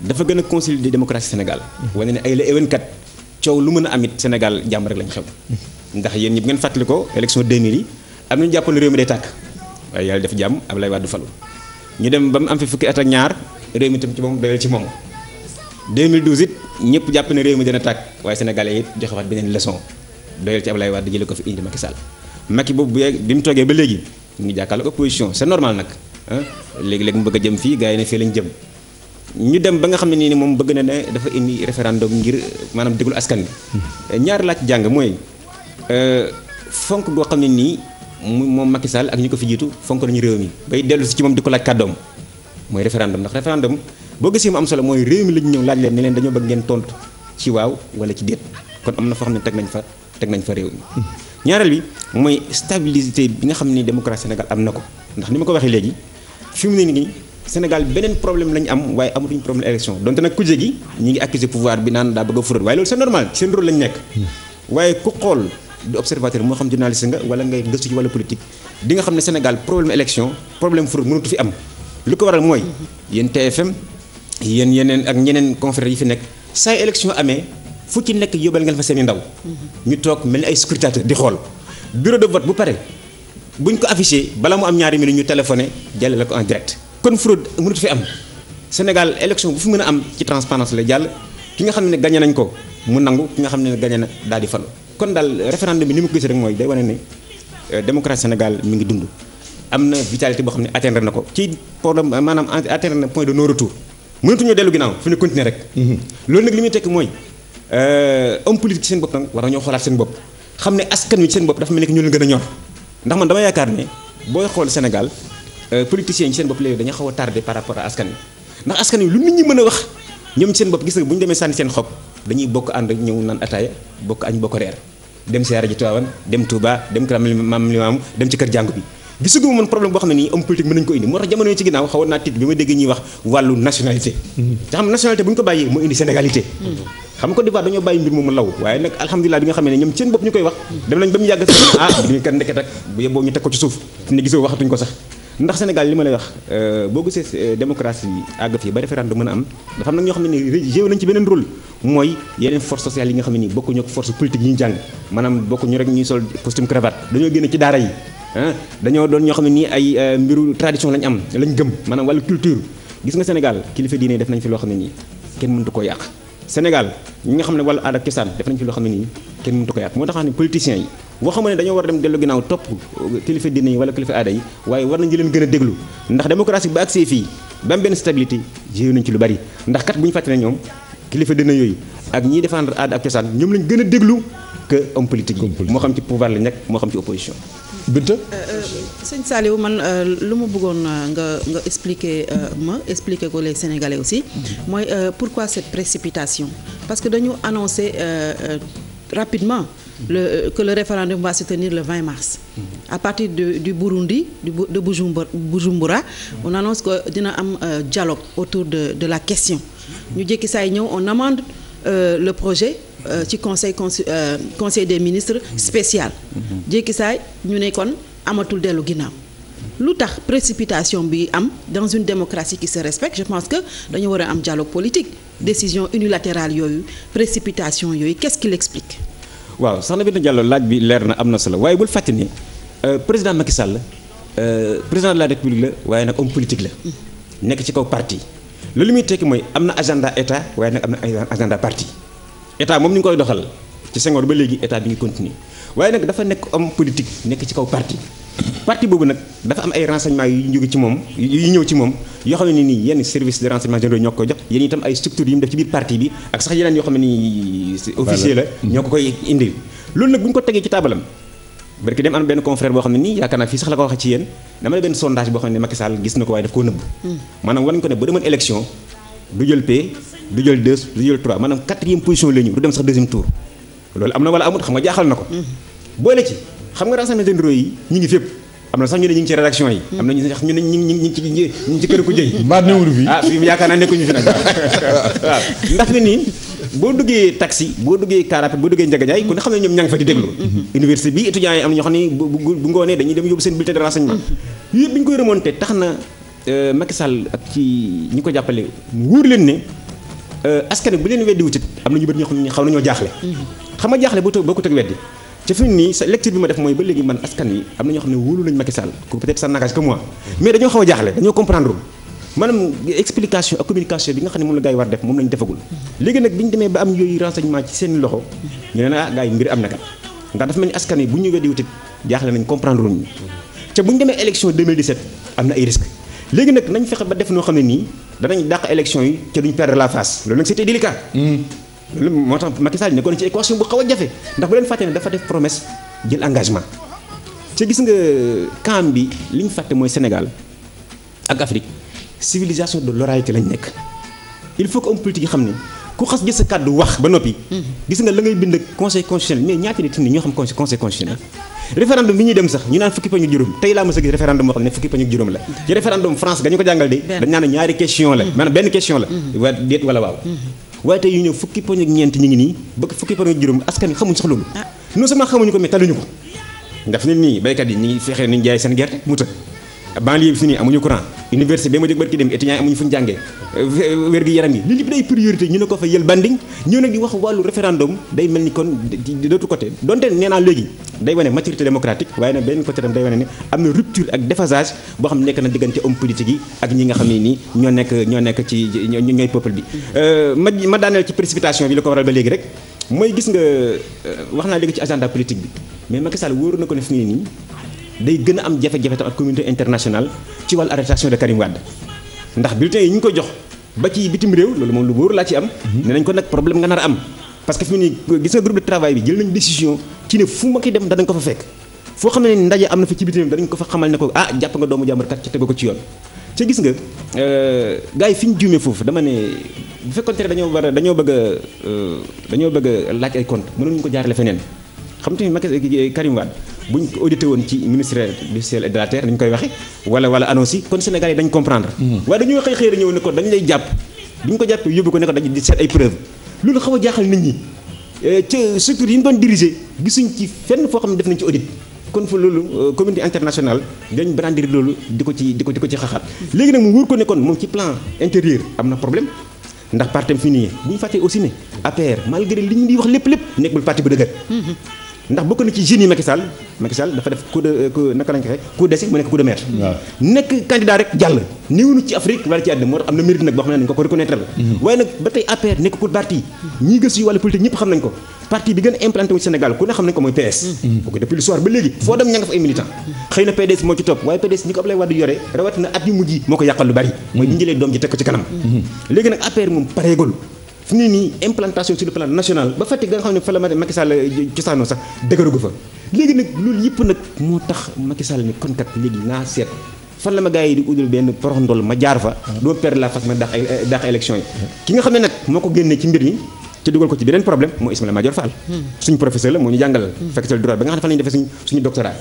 dafa gën a consolider démocratie Sénégal. wane ne ay la éwenkat coow lu mën a amit Sénégal jàmm rek lañ xew. ndax yéen ñëpp ngeen fàttali ko élection 2000 yi am nañu jàppoon réew mi day tàkk waaye yàlla def jàmm Abdoulaye Wade falu ñu dem ba mu am fi fukki at ak ñaar. réew mi tam ci moom doyal ci moom 2012 it ñëpp jàpp ne réew mi dina tàkk waaye sénégalais it joxe waat beneen leçon doyal ci Ablaye di jële ko fi indi Macky Sall Macky boobu bi mu toogee ba léegi mu ngi jàkkaarloo opposition c'est normal nag ah léegi-léeg mu bëgg a jëm fii gars yi ne fii lañ jëm ñu dem ba nga xam ne nii moom bëgg na ne dafa indi référendum ngir maanaam déglu askan bi hmm. ñaar laaj jàng mooy euh, fonk goo xam ne nii moom Macky Sall ak ñu ko fi jiitu fonk nañu réew mi bay dellu si ci moom di ko laaj kàddoom mooy référendum ndax référendum boo gisee mu am solo mooy réew mi la ñëw laaj leen ne leen dañoo bëgg ngeen tontu ci waaw wala ci déet kon am na foo xam ne teg nañ fa teg nañ fa réew ñaareel bi mooy stabilité bi nga xam ni démocratie Sénégal am na ko ndax ni ma ko waxee léegi fi mu ne nii Sénégal beneen problème la ñu am waaye amatuñu problème élection donte nag kujje gi ñi ngi accuser pouvoir bi naan daa bëgg a fraude waaye loolu c'est normal seen rôle lañu nekk moo xam journaliste nga wala ngay gëstu ci wàllu politique nga xam ne Sénégal problème élection problème fraude mënatu fi am li ko waral mooy yéen TFM yéen yeneen ak ñeneen confrères yi fi nekk saa élection amee fu ci nekk yóbbal ngeen fa seeni i ndaw. ñu toog mel ni ay scrutateur di xool bureau de vote bu pare buñ ko affiché bala mu am ñaari minutes ñu téléphoné la ko en direct. kon fraude mënut fi am Sénégal élection bu fi mën a am ci transparence la jàll ki nga xam ne gagné nañ ko mu nangu ki nga xam ne gagné na daal di falu kon daal référendum bi ni mu ko gisee rek mooy day wane ne euh, démocratie Sénégal mi ngi dund. am na vitalité boo xam ne atteindre na ko ci problème maanaam atteindre na point de non retour mënatuñoo dellu ginnaaw fu ñu continuer rek. Mhm. loolu nag li muy tekk mooy euh, homme politique seen bopp nag war nañoo xoolaat bopp xam ne askan wi seen bopp dafa mel ni ñu gën a ñor ndax man yaakaar ne booy xool Sénégal euh, politiciens yi seen bopp léegi dañu xaw tardé par rapport à askan wi askan wi lu nit ñi mën a wax ñoom seen bopp gis nga bu ñu demee sànni seen xob dañuy bokk ànd ak ñëw naan ataaya bokk añ bokk reer dem siyaara ji Tiwaawan dem Touba dem kër Maam Limaamu dem ci kër jàngu bi gisuguma man problème boo xam ne nii homme politique mën nañu ko indi moo tax jamono ci ginnaaw xawoon naa tiit bi ma dégg ñuy wax wàllu nationalité nga xam nationalité bu ñu ko bàyyee moo indi sénégalité xam nga Côte d'Ivoire dañoo bàyyi mbir moomu law waaye nag alhamdulilah bi nga xam ne ñoom seen bopp ñu koy wax dem nañ ba mu yàgg ah duñu kat ndeket ak bu yeboo ñu teg ko ci suuf ne gisoo waxatuñ ko sax ndax Sénégal li ma lay wax euh, boo gisee euh, démocratie a xam ne ni joué nañ ci beneen rôle mooy yeneen force sociale yi nga xam ne nii bokkuñu dañoo doon ñoo xam ne nii ay euh, mbiru tradition lañ am lañ gëm maanaam wàllu culture gis nga Sénégal kilifa diine def nañ fi loo xam ne nii kenn mëntu ko yàq Sénégal ñi nga xam ne wàllu aada ak cosaan def nañ fi loo xam ne nii kenn mëntu ko yàq moo tax xam ne politiciens yi waxuma ne dañoo war a dem dellu ginnaaw topp euh, leen gën a déglu ndax démocratie ba agsee fii ba am benn stabilité nañ ci lu bari ndax kat bu fàtte ne ñoom kilifa dina yooyu ak ñiy défendre aada ak ñoom lañ gën déglu que homme politique moo xam ci pouvoir lañ nekk moo xam ci opposition Binta. Euh, euh, sëñ Saliou man euh, lu ma bëggoon nga nga expliquer ma expliquer ko les Sénégalais aussi mooy pourquoi cette précipitation parce que dañu annoncer rapidement le que le référendum va se tenir le 20 mars. à partir du du Burundi du de Bujumbura on annonce que dina am dialogue autour de de la question ñu jékki saay ñëw on amende le projet. Euh, ci conseil euh, conseil des ministres spécial. jékki saay ñu ne kon amatul dellu ginnaaw. lu tax précipitation bi am dans une démocratie qui se respecte je pense que dañu war a am dialogue politique décision unilatérale yooyu précipitation yooyu kes ce qui l'explique waaw sax na bi na jàllo laaj bi leer na am na solo waaye bul fàtte ni euh, président Macky Sall président de la république la waaye nag homme politique la mm. nekk ci kaw parti loolu muy tekki mooy am na agenda état waaye nag am na agenda parti état moom ñu koy doxal ci Senghor ba léegi état bi ngi continuer waaye nag dafa nekk homme politique nekk ci kaw parti parti boobu nag dafa am ay renseignement yu jóge ci moom yu ñëw ci moom yoo xam ne nii yenn service de renseignement généraux ñoo ko jox yéen itam ay structures yu mu def ci biir parti bi ak sax yeneen yoo xam ne nii officier la ñoo ko koy indil loolu nag bu ñu ko tegee ci taabalam barki dem am benn confrère boo xam ne nii yaakaar naa fii sax la ko waxee ci yéen dama ne benn sondage boo na ko waaye daf koo nëbb hmm. maanaam war du jël P du jël 2 du jël 3 quatrième position la du dem sax deuxième tour loolu am na wala amut xam nga jaaxal na ko. Mhm. boole ci xam nga rassemblement ñu ngi fépp. na sax ñu ne ñu ngi ci yi. am na ñu sax ñu ne ñu ngi ñu ngi ci ñu ngi ci kër ku jëy. mbaa néewlu ah, fi nag waaw ndax fi nii boo duggee taxi boo duggee car boo duggee njagajaay ku xam ne ñoom ña fa di déglu. Mhm. Mhm. université bi étudiants yi am na ñoo xam ne bu bu ngoonee dañuy dem yóbbu seen bulletin de renseignement. yëpp bi ñu koy remonté tax na Euh, Macky Sall ak ci ñi ko jàppale mu wóor leen ne euh, askan bu leen weddi wutit am na ñu bëri ñoo xam ne xaw nañoo jaaxle. Mhm. xam nga jaaxle boo ko boo ko teg bi ma def mooy ba léegi man askan wi am na ñoo xam ne wóolu nañu Macky Sall ko peut-être ça n'engage que moi mais dañoo xaw a jaaxle dañoo comprendre maanaam explication ak communication bi nga xam ne moom la gars yi war def moom lañu defagul. Mhm. léegi nag bi ñu demee ba am yooyu renseignement ci seen loxo ñu ne ah gars yi mbir am na kat ndax dafa mel ni askan wi bu ñu weddi wutit jaaxle nañ comprendre wuñu mhm. ca bu ñu demee élection 2017 am na ay risques léegi nag nañ fexe ba def noo xam ne nii danañ dàq élection yi ca duñ perdre la fas loolu nag c'était délicat. Mm. loolu moo tax Macky Sall nekkoon ci équation bu xaw a jafe ndax bu leen fàtte ne dafa def promesse jël engagement. te gis nga camp bi li ñu fàtte mooy Sénégal ak Afrique civilisation de l'oralité lañ nekk il faut que homme politique yi xam ne. ku xas gis kàddu wax ba noppi. Mhm. gis nga la ngay bind conseil constitutionnel mais ñaata nit ñi ñoo xam conseil conseil référendum bi ñuy dem sax ñu naan fukki pañu juróom la mhm. ci référendum France ga ñu ko jàngal de dañ naan ñaari question la mhm. maanaam benn question la waaye tey yu ñëw fukki pañu ñeent ñu ngi nii ba fukki pañu juróom askan wi xamuñ sax loolu ah. non seulement xamuñu ko mais taluñu ko ndax nit ñi béykat yi ñu ngi fexe ñu jaay seen gerte mu université ba ma jóg barki dem étudiants yi amuñu fu ñu jàngee euh, gi yaram yi li lépp day priorité ñu ne ko fa yël banding ñëw nag di wax wàllu référendum day mel ni kon de l'autre côté donte nee naa léegi day wane maturité démocratique waaye nag benn côté tam day wane ne am na ak déphasage boo xam ne nekk na diggante homme politique yi ak ñi nga xam ne nii ñoo nekk ñoo nekk ci ñooy peuple bi euh, ma ma daaneel ci précipitation bi la ko waral ba léegi rek mooy gis nga euh, wax naa léegi ci agenda politique bi mais Macky Sall wóoru na ko ne nii day gën a am jafe-jafe tam ak communauté internationale ci wàllu arrestation de Karim Wade ndax bulletins yi ñu ngi ko jox ba ci bitim réew loolu moom lu wóor laa ci am. Mhm. ne nañ ko nag problème nga nar am. parce que fi mu nii gis nga groupe bi jël nañ décision ci ne fu ma koy ko fa fekk foo xam ne ndaje am na ci bitim réew danañ fa xamal ne ko ah, jàpp nga doomu jàmbur kat ci tegu ko ci gis nga euh, gars yi fi ñu juumee foofu dama ne bu fekk ne dañoo war dañoo bëgg euh, dañoo bëgg a laaj ay compte mënoon ko jaarale feneen xam te ni Karim Wade buñ ko audité woon ci ministère du ciel et de la koy waxe wala wala annonce yi kon Sénégal yi dañ comprendre mm-hmm. waaye dañuy xëy ñëw ne ko dañ lay jàpp bu ñu ko jàppee yóbbu ko ne a jaaxal euh, euh, loolu di ko ci di ko di ko ci xaxaat léegi nag mu wóor ko moom ci plan intérieur am na problème ndax parti am fi nii bu ñu fàttee aussi ne APR malgré li ñu di wax lépp lépp nekkul parti bu dëgër mm-hmm. ndax bokk na ci jeunes yi Macky Sall Macky Sall dafa def coup de euh, naka lañ mu nekk coup de maître nekk candidat rek jàll na mérite nag boo xam ne nañ ko ko reconnaître mhm. waaye nag ba tey APR nekk pour parti ñii gëstu yi wala politique ñëpp xam nañ ko parti bi gën a implanté wu Sénégal ku ne xam nañ ko mooy PS mhm. ok depuis le soir ba léegi foo dem ña fa ay militant xëy na PDS moo ci topp waaye PDS ñi ko Abdoulaye Wade yore rawatina at yu mujj moo ko yàqal lu bari mhm. ko fu ni nii implantation sur le plan national ba Fatick da nga xam ne fa la Macky Sall cosaanoo sax dëgëragu fa léegi nag loolu yëpp nag moo tax Macky ni kon léegi naa seet fan la ma gars yi di udul benn poroxndol ma jaar fa doo perdre la face ma daax daax élection yi ki nga xam ne nag moo ko génnee ci mbir mi te dugal ko ci beneen problème mooy Ismaïla Madior Fall suñ professeur la moo ñu jàngal faculté droit ba nga xam ne fa la defee suñu doctorat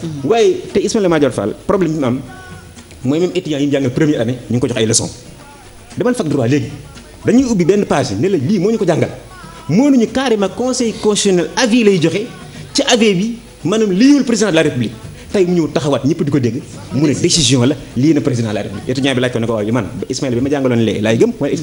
bi mu am mooy même étudiant yi ko jox dañuy ubbi benn page ne la lii moo ñu ko jàngal moo ñu carrément conseil constitutionnel avis lay joxe ci avis bi maanaam liyul président de la république tey mu ñëw taxawaat ñëpp di ko dégg mu ne décision la lii na président la république étudiant bi laaj ko ne ko waaw man Ismaïla bi ma jàngaloon lee laay gëm wax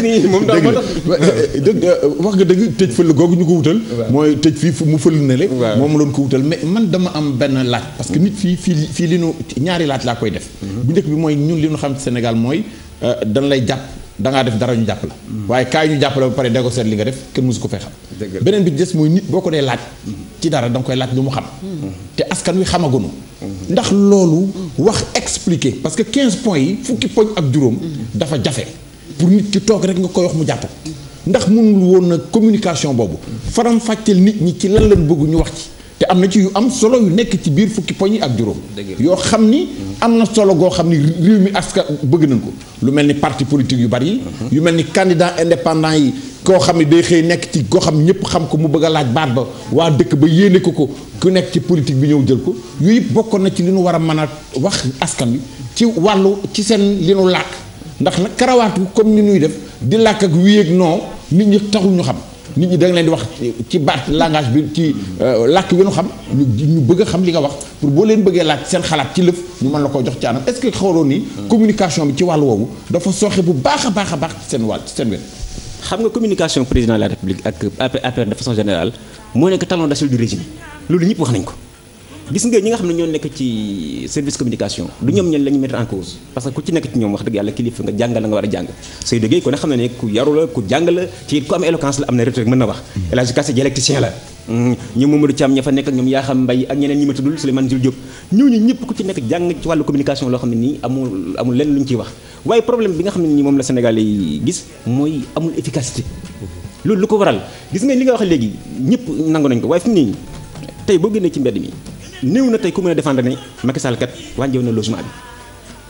nii moom euh, nga dëgg tëj fël googu ñu ko wutal mooy tëj fii mu fël ne le moom loon ko wutal mais man dama am benn laaj parce que nit fii fii fii li nu ñaari laaj laa koy def mm-hmm. bu njëkk bi mooy ñun li nu xam Sénégal mooy euh, dana lay jàpp da def dara ñu jàpp la hmm. waaye kaay ñu jàpp la ba pare dégg ko seet li nga def kenn musu ko fee xam beneen bi des mooy nit boo ko dee laaj hmm. ci dara danga koy laaj lu mu xam hmm. te askan wi xamagunu ndax loolu wax expliquer parce que quinze points yi fukki poñ ak juróom dafa jafe pour nit ki toog rek nga koy wax mu jàpp ndax mënul woon na communication boobu faram fàcceel nit ñi ci lan lañ bëgg ñu wax ci te am na ci yu am solo yu nekk ci biir fukki poñ yi ak juróom yoo xam ni am na solo goo xam ni réew mi askan bëgg nañ ko lu mel ni parti politique yu bari mhm. yu mel ni candidat indépendant yi koo xam ne day xëy nekk ci koo xam ñëpp xam mu bëgg laaj baat ba waa dëkk ba yéene ko ko ku nekk ci politique bi ñëw jël ko yooyu bokkoon na ci li nu war a mën a wax askan wi ci wàllu ci seen li nu làkk ndax nag karawaatu comme ñu nuy def di làkk ak wii ak non nit ñi taxul ñu xam nit ñi da leen di wax ci baat langage bi ci euh, làkk wi nu xam ñu bëgg a xam li nga wax pour boo leen bëggee laaj seen xalaat ci lëf ñu mën na koo jox ci anam est-ce que xawaroon ni communication bi ci wàll woowu dafa sooxe bu baax a baax a baax seen wàll seen wet xam nga communication président de la république ak APR de façon générale moo nekk talon d'Achille du régime loolu ñëpp wax nañ ko gis nga ñi nga xam ne ñoo nekk ci service communication du ñoom ñen la ñu mettre en cause parce que ku ci nekk ci ñoom wax dëgg yàlla kilifa nga jàngal la nga war a jàng sooy déggee ku ne xam ne ne ku yaru la ku jàng la ci ku am éloquence la am na rhétorique mën na wax mm. El la mm. Mm. ñoom Mamadou ne nii waaye problème bi nga xam ne nii moom la Sénégal yi gis mooy amul efficacité loolu lu ko waral gis nga li nga wax léegi ñëpp nangu nañ ko waaye fi mu nii tey boo génnee ci mbedd mi néew na tey ku mën a défendre ni Macky Sall kat na logement bi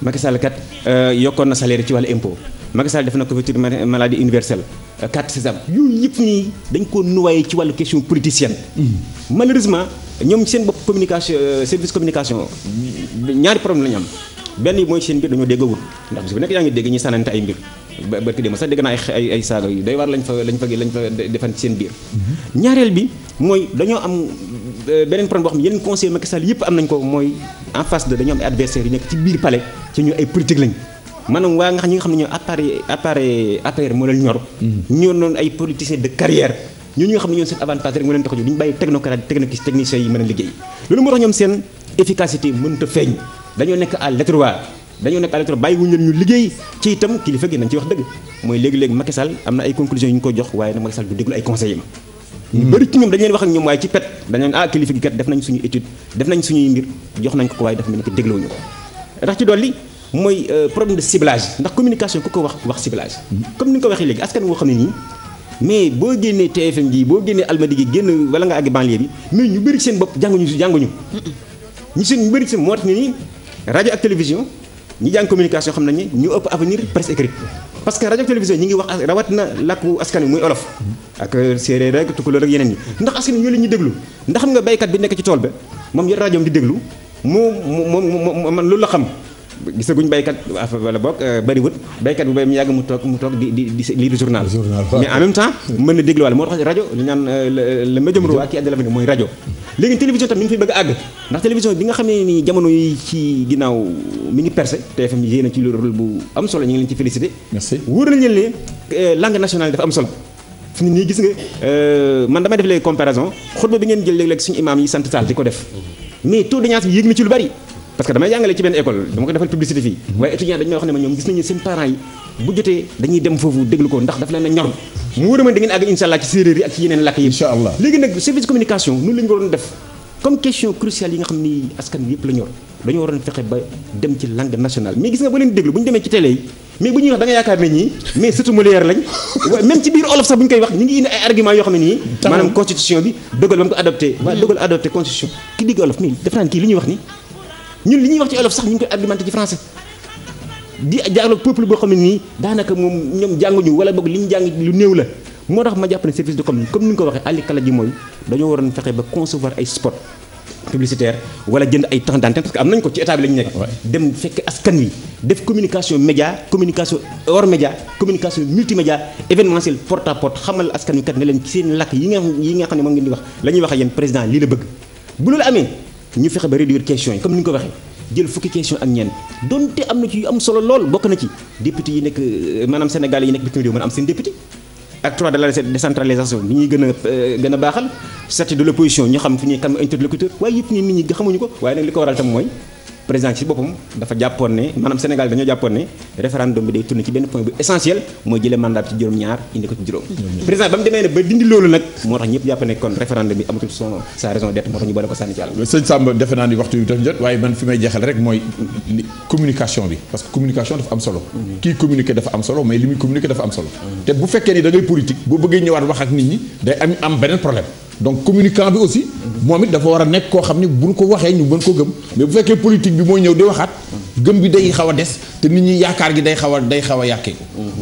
Macky Sall kat euh, yokkoon na salaire ci wàllu impôt Macky Sall def na couverture maladie universelle euh, carte sésame yooyu yëpp mm. ñoom seen bopp communication euh, service communication ñaari problème la ñu am benn yi mooy seen mbir dañoo déggoowul ndax bis bu nekk yaa ngi dégg ñu sànnante ay mbir ba barki démb sax dégg naa ay saaga day war lañ fa lañ fa lañ ci seen biir mm-hmm. ñaareel bi mooy dañoo am Euh, beneen problème boo xam ne conseil Macky Sall yëpp am nañ ko mooy en face de dañoo am adversaires nekk ci biir palais ci ñu ay politique lañ maanaam waa nga xam ñi nga xam ne ñoo appareil appareil appareil moo leen ñor mm-hmm. ñoo noonu ay politiciens de carrière ñooñu nga xam ne ñoom seen avantage rek moo leen tax a ñu bàyyi technocrate technique techniciens yi mën a liggéey loolu moo a feeñ dañoo nekk à l'étroit dañoo nekk à l'étroit bàyyi wuñu leen ñu liggéey ci itam kilifa gi nañ ci wax dëgg mooy léegi-léegi Macky Sall am ñu bëri ci ñoom dañ leen wax ak ñoom waaye ci pet dañ leen ah kilifa gi kat def nañ suñu étude def nañ suñuy mbir jox nañ ko ko waaye daf mel ni ko dégloo ñu ko ndax ci dolli mooy euh, problème de ciblage ndax communication ku ko wax wax ciblage comme ni nga ko waxee léegi askan woo xam ne nii mais boo génnee TFM ji boo génnee Almadi gi génn wala nga àgg banlieue bi mais ñu bëri seen bopp jànguñu si jànguñu ñu seen ñu bëri seen moo tax ne nii rajo télévision ñi jàng communication xam nañu ñu ëpp avenir presse écrite parce que rajo télévision ñi ngi wax rawatina làkku askan wi muy olof ak séeréer rek tukulóor rek yeneen ñi ndax askan wi ñu li ñu déglu ndax xam nga béykat bi nekk ci tool ba moom yor rajoom di déglu mu mu man loolu la xam gisaguñ béykat wala boog euh, bëriwut béykat bu bay mu yàgg mu toog mu toog di di lii di journal mais en même temps mën na dégluwaale moo tax rajo li naan euh, le médium roi mooy rajo léegi télévision tam mi ngi fi bëgg a àgg ndax télévision bi nga xam ne ni jamono yi ci ginnaaw mi ngi percé TFM yéen a ci rôle bu am solo ñu ngi leen ci félicité. merci wóor nañu leen ne euh, langue nationale dafa am solo. fi mu ne nii gis nga euh, man damay def léegi comparaison xutba bi ngeen jël léeg-léeg suñu imaam yi sant taal di ko def mais taux d'audience bi yéeg na ci lu bari. parce que damay jàngale ci benn école dama ko defal publicité fii waaye étudiant dañu may wax ne ma ñoom gis nañu seen parents yi bu jotee dañuy dem foofu déglu ko ndax daf leen a ñor mu wóor ma insha allah ci séeréer yi ak ci yeneen làkk yi léegi nag service communication noonu la waroon def comme question cruciale yi nga xam ni askan bi yëpp demee ci télé yi mais bu ñuy wax da yaakaar ne mais surtout Molière lañ même ci biir olof sax bu ñun li ñuy wax ci olof sax ñu ngi koy argumenté ci français di jàngal peuple boo nii daanaka moom ñoom jànguñu wala boog li ñu jàng lu néew la moo tax ma jàpp ne service de commune comme ni nga ko waxee àlli kala ji mooy dañoo waroon fexe ba wala jënd ay temps d'antenne parce que am ko ci état bi la ñu nekk dem fekk askan wi def communication média communication hors média communication multimédia événementiel porte à porte xamal askan wi kat ne leen seen lakk yi nga nga xam ne moom ngeen di wax la ñuy wax ak yéen président lii la bëgg bu loolu amee ñu fexe ba réduire question yi comme ni ñu ko waxee jël fukki question ak ñeent donte am na ci yu am solo lool bokk na ci député yi nekk euh, maanaam Sénégal yi nekk bitim réew mën a am seen député ak trois de la décentralisation bi ñuy gën a euh, gën baaxal statut de l'opposition ñu xam fi ñuy kam interlocuteur waaye yëpp nii nit ñi xamuñu ko waaye nag li ko waral tam mooy président ci boppam dafa jàppoon ne maanaam Sénégal dañoo jàppoon ne référendum bi day tourné ci benn point bu essentiel mooy jëlee mandat bi ci juróom-ñaar indi ko ci sa raison d'être moo tax ñu boole ko sànni ci àll. sëñ Samba defe naa ni waxtu bi dafa jot waaye fi may jeexal rek mooy communication bi parce que communication dafa am solo. Mm-hmm. kii communiquer dafa am solo mais dafa am solo. te bu fekkee ni da ngay politique donc communicant bi aussi moom it dafa war a nekk koo xam ne buñ ko waxee ñu mën ko gëm mais bu fekkee politique bi mooy ñëw di waxaat gëm bi day xaw a des te nit ñi yaakaar gi day xaw a day xaw a yàqee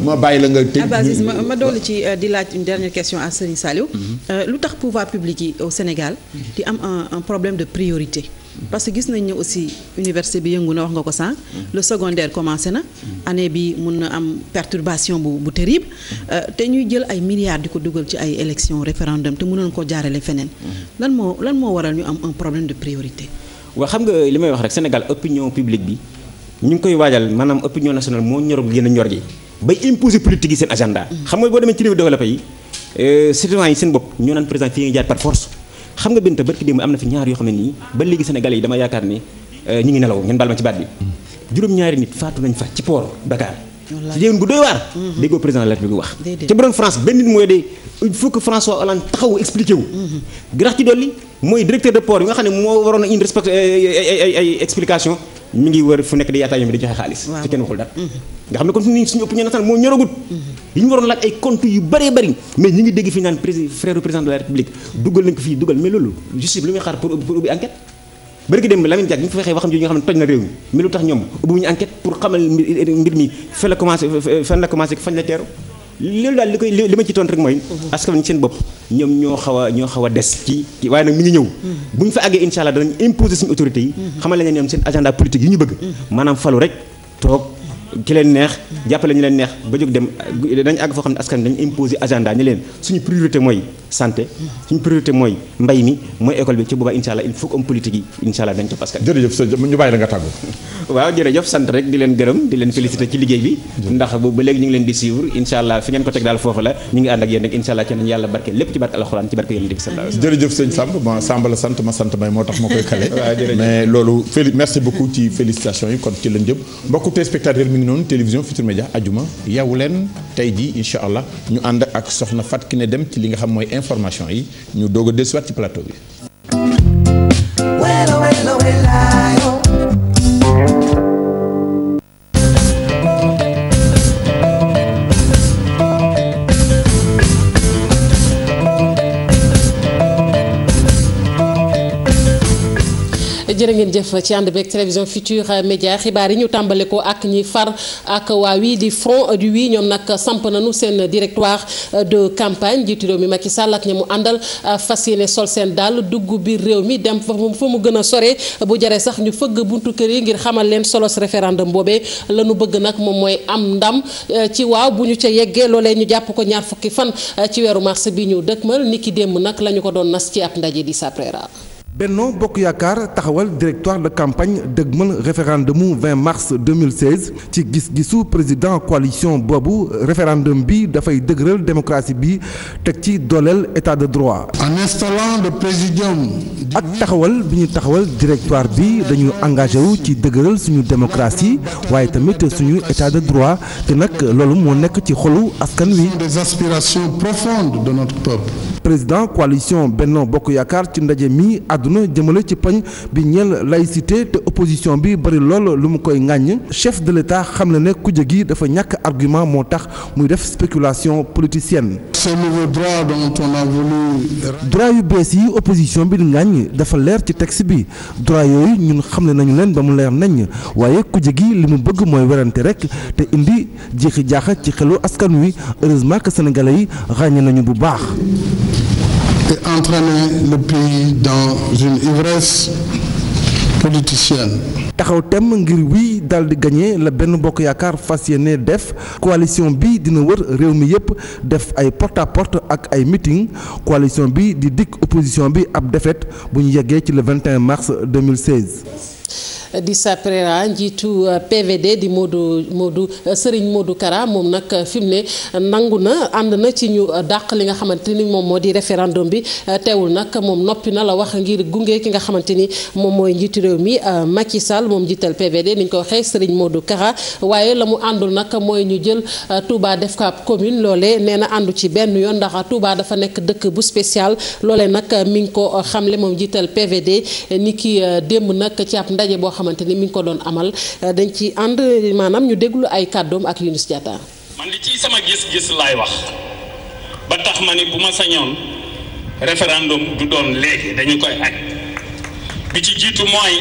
ma bàyyi la nga tëj ah, ma ma dolli ci euh, di laaj une dernière question à Serigne Saliou mhm. euh, lu tax pouvoir public yi aw Sénégal di am un problème de priorité parce que gis nañ ne aussi université bi yëngu na wax nga ko sànq. le secondaire commencé na. année bi mun na am perturbation bu bu terrible. Euh, te ñuy jël ay milliards di ko dugal ci ay élections référendum te mënoon ko jaarale feneen. lan moo lan moo waral ñu am un problème de priorité. waaw xam nga li may wax rek Sénégal opinion publique bi ñu ngi koy waajal maanaam opinion nationale moo ñorul yéen a ñor ji bay imposer politique yi seen agenda. Mm. xam nga boo demee ci réew développé euh, ñoo naan président fii xam nga Binta barki démb am na fi ñaar yoo xam ne nii ba léegi sénégalais yi dama yaakaar ni ñi ngi nelaw ngeen baal ma ci baat bi juróom-ñaari nit faatu nañ fa ci port Dakar si déwén waar déggoo président de la République wax ca bu France benn nit mooy de il faut que François Hollande taxaw ci dolli mooy directeur de port yi nga xam ne moo waroon a indi respect ay ay ay explication mu ngi wër fu nekk di yaataa ñoom di joxe xaalis te kenn waxul dara mhm. nga xam ne kon fi ni suñu opinion nationale moo ñoragut yi mhm. ñu waroon laaj ay compte yu bëree bëri mais ñi ngi dégg fi naan président de la na réew mi mais lu tax ñoom ubbi ñu enquête pour xamal mbir mi fan la commencé fañ la teeru lu daal li koy li ma ci tontu rek mooy. askan wi seen bopp ñoom ñoo xaw ñoo xaw des ci waaye nag mi ngi ñëw. bu ñu fa àggee incha allah danañ imposer suñu autorité yi. Mm-hmm. xamal la ne ñoom seen agenda politique yi ñu bëgg. Mm-hmm. maanaam falu rek toog. ki leen neex jàppale ñu leen neex ba jóg dem dañ àgg foo xam ne askan dañu imposer agenda ñu leen suñu priorité mooy santé suñu priorité mooy mbay mi mooy école bi ci boobaa insha allah il faut que am politique yi insha allah dañ ca parce que jërëjëf sa ñu bàyyi la nga la sant ma sant may moo tax ma koy kale mais loolu merci beaucoup ci félicitations yi kon ci lañ jëm mbokku téléspectateurs noonu télévision Futur Média ajuma yeewu leen tey jii incha allah ñu ànd ak soxna ki Kiné dem ci li nga xam mooy information yi ñu doog a dellusiwaat ci plateau bi. jërë ngeen jëf ci ànd beeg télévision Futurs Médias xibaar yi ñu tàmbale ko ak ñi far ak waaw wii di front du oui ñoom nag samp nañu seen directoire de campagne jiitu réew mi Macky Sall ak ñi mu àndal fas yéene sol seen daal dugg biir réew mi dem fa mu gën a sore bu jaree sax ñu fëgg buntu kër yi ngir xamal leen solos référendum boobee la ñu bëgg nag moom mooy am ndam ci waaw bu ñu ca yeggee loolee ñu jàpp ko ñaar fukki fan ci weeru mars bi ñu dëkkmal niki démb nag la ñu ko doon nas ci ab ndaje di saprera Benno Bokk Yaakaar taxawal directoire de campagne dëgmal référendumu 20 mars 2016 ci gis-gisu président coalition boobu référendum bi dafay dëgëral démocratie bi teg ci dooleel état de droit. en installant le présidium. ak taxawal bi ñu taxawal directoire bi dañuy engagé wu ci dëgëral suñu démocratie waaye tamit suñu état de droit te nag loolu moo nekk ci xolu askan wi. des aspirations profondes de notre président coalition Benno Bokk Yaakaar ci ndaje mi àddu àdduna jëmale ci poñ bi ñeel laïcité te opposition bi bari lool lu mu koy ŋàññ chef de l'État xam na ne kujje gi dafa ñàkk argument moo tax muy def spéculation politicienne. ce nouveau droit dont on a voulu. droit yu bees yi opposition bi di ŋàññ dafa leer ci tex bi droit yooyu ñun xamle nañu leen ba mu leer nañ waaye kujje gi li mu bëgg mooy werante rek te indi jeexi jaaxa ci xelu askan wi heureusement que sénégalais yi ràññe nañu bu baax. et entraîner le pays dans une ivresse politicienne. taxaw temm ngir wii daal di gagné la benn bokk yaakaar fas yéene def coalition bi dina wër réew mi yëpp def ay porte porte ak ay meeting coalition bi di dikk opposition bi ab défaite bu ñu yeggee ci le 21 mars 2016. di saprera njiitu euh, PVD di Modou Modou euh, Serigne Modou Kara moom nag euh, fi mu ne nangu na ànd na ci ñu dàq li nga xamante ni moom moo di référendum bi teewul nag moom noppi na la wax ngir gunge ki nga xamante ni moom mooy njiitu réew mi Macky Sall moom njiital PVD ni ko waxee Serigne Modou Kara waaye la mu àndul nag mooy ñu jël Touba def ko ab commune loole nee na àndu ci benn yoon ndax Touba dafa nekk dëkk bu spécial loole nag mi ngi ko xamle moom njiital PVD ni ki démb nag ci ab ndaje boo xamante ni ngi ko doon amal euh, dañ ci ànd maanaam ñu déglu ay kàddoom ak Yunus Diatta. man li ci sama gis-gis laay wax ba tax ma ni bu ma sañoon référendum du doon léegi dañu koy aj bi ci jiitu mooy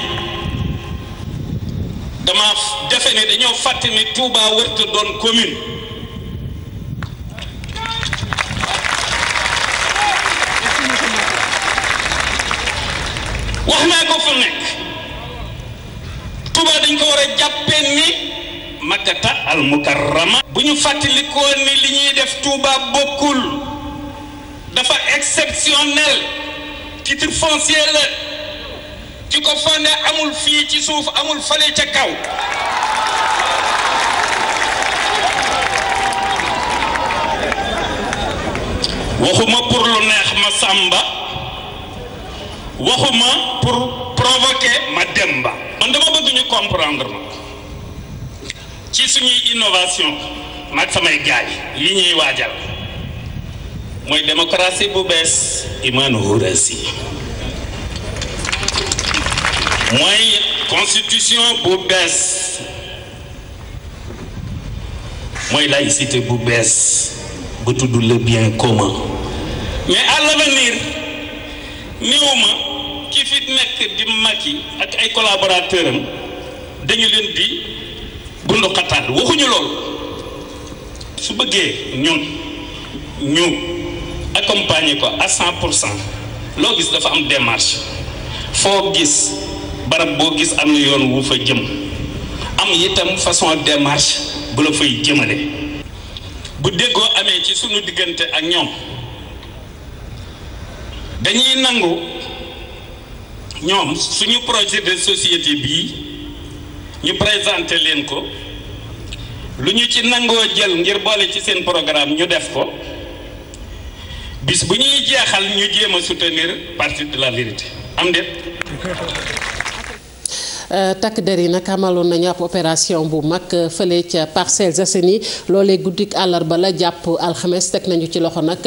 dama defe ne dañoo fàtte ni Touba wërta doon commune. wax naa ko fu nekk Touba dañ ko war a jàppee ni makkata al mukarrama bu ñu fàttalikoo ni li ñuy def Touba bokkul dafa exceptionnel titre foncier la ci ko fane amul fii ci suuf amul fale ca kaw waxuma pour lu neex ma sàmba waxuma pour provoquer ma dem ba man dama bëgg ñu comprendre ma ci suñuy innovation mag samay gaay yi ñuy waajal mooy démocratie bu bees imaanu hurasi mooy constitution bu bees mooy laïcité bu bees bu tudd le bien commun mais à l'avenir néew ma ki fi nekk di yi ak ay collaborateur am dañu leen bi bundu xataal waxuñu lool su bëggee ñun ñu accompagner ko à cent pour loo gis dafa am démarche foo gis barab boo gis am na yoon wu fa jëm am itam façon démarche bu la fay jëmale bu déggoo amee ci suñu diggante ak ñoom dañuy nangu ñoom suñu projet de société bii ñu présenté leen ko lu ñu ci nangoo jël ngir boole ci seen programme ñu def ko bis bu ñuy jeexal ñu jéem a soutenir parti de la vérité am déet Euh, takk der yi nag amaloon nañu ab opération bu mag euh, fële ca Parcelles Assainies loolee guddik àllarba la jàpp alxemes teg nañu ci loxo nag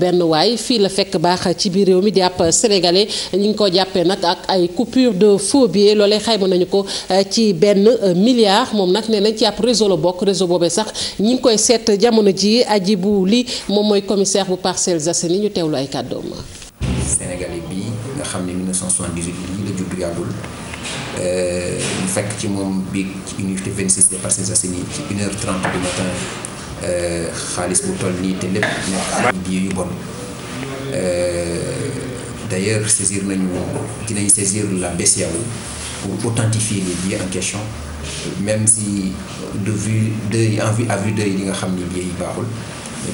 benn waay fii la fekk baax ci biir réew mi di ab sénégalais ñu ngi ko jàppee nag ak ay coupure de faux billets loolee xayma nañu ko euh, ci benn milliard moom nag nee nañ ci ab réseau la bokk réseau boobee sax ñi ngi koy seet jamono ji aji bu li moom mooy commissaire bu Parcelles Assainies ñu teewlu ay kàddoom. Sénégalais bi nga xam ñu euh, fekk ci moom biig ci unité 26 de Parcelles Assainies ci une heure trente du matin euh, xaalis bu toll nii te lépp nekk bi yu bon euh, d'ailleurs saisir nañu dinañ saisir la BCEAO pour authentifier les billets en question même si de vue de en vue à vue yi nga xam ni billets yi baaxul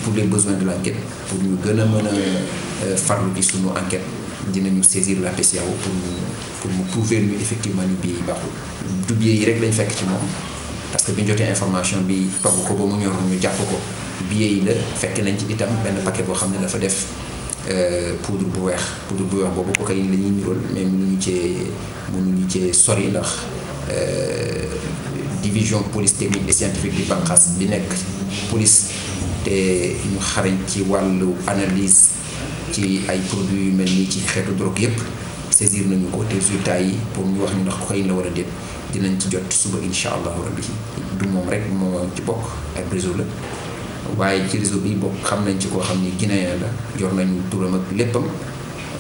pour les besoins de l'enquête pour ñu gën a mën a farlu ci sunu enquête dinañu saisir la BCEAO pour ñu pour mu prouver ñu effectivement ni bii yi baaxul du bii yi rek lañ fekk ci moom parce que bi ñu jotee information bi togg ko ba mu ñor ñu jàpp ko billet yi la fekk nañ ci itam benn paquet boo xam ne dafa def euh, poudre bu weex poudre bu weex boobu cocaïne la ñuy nirool mais mu cee mënuñu cee sori ndax euh, division police technique et scientifique bi banqaas bi nekk police te ñu xarañ ci wàllu analise ci ay produits yu mel nii ci xeetu drogue yépp saisir nañu ko te résultats yi pour ñu wax ñu ndax xëy la war a déet dinañ ci jot suba allah allahu rabbi du moom rek moo ci bokk ak réseau la waaye ci réseau bi bokk xam nañ ci koo xam ni Guinéen la jor nañu turam ak léppam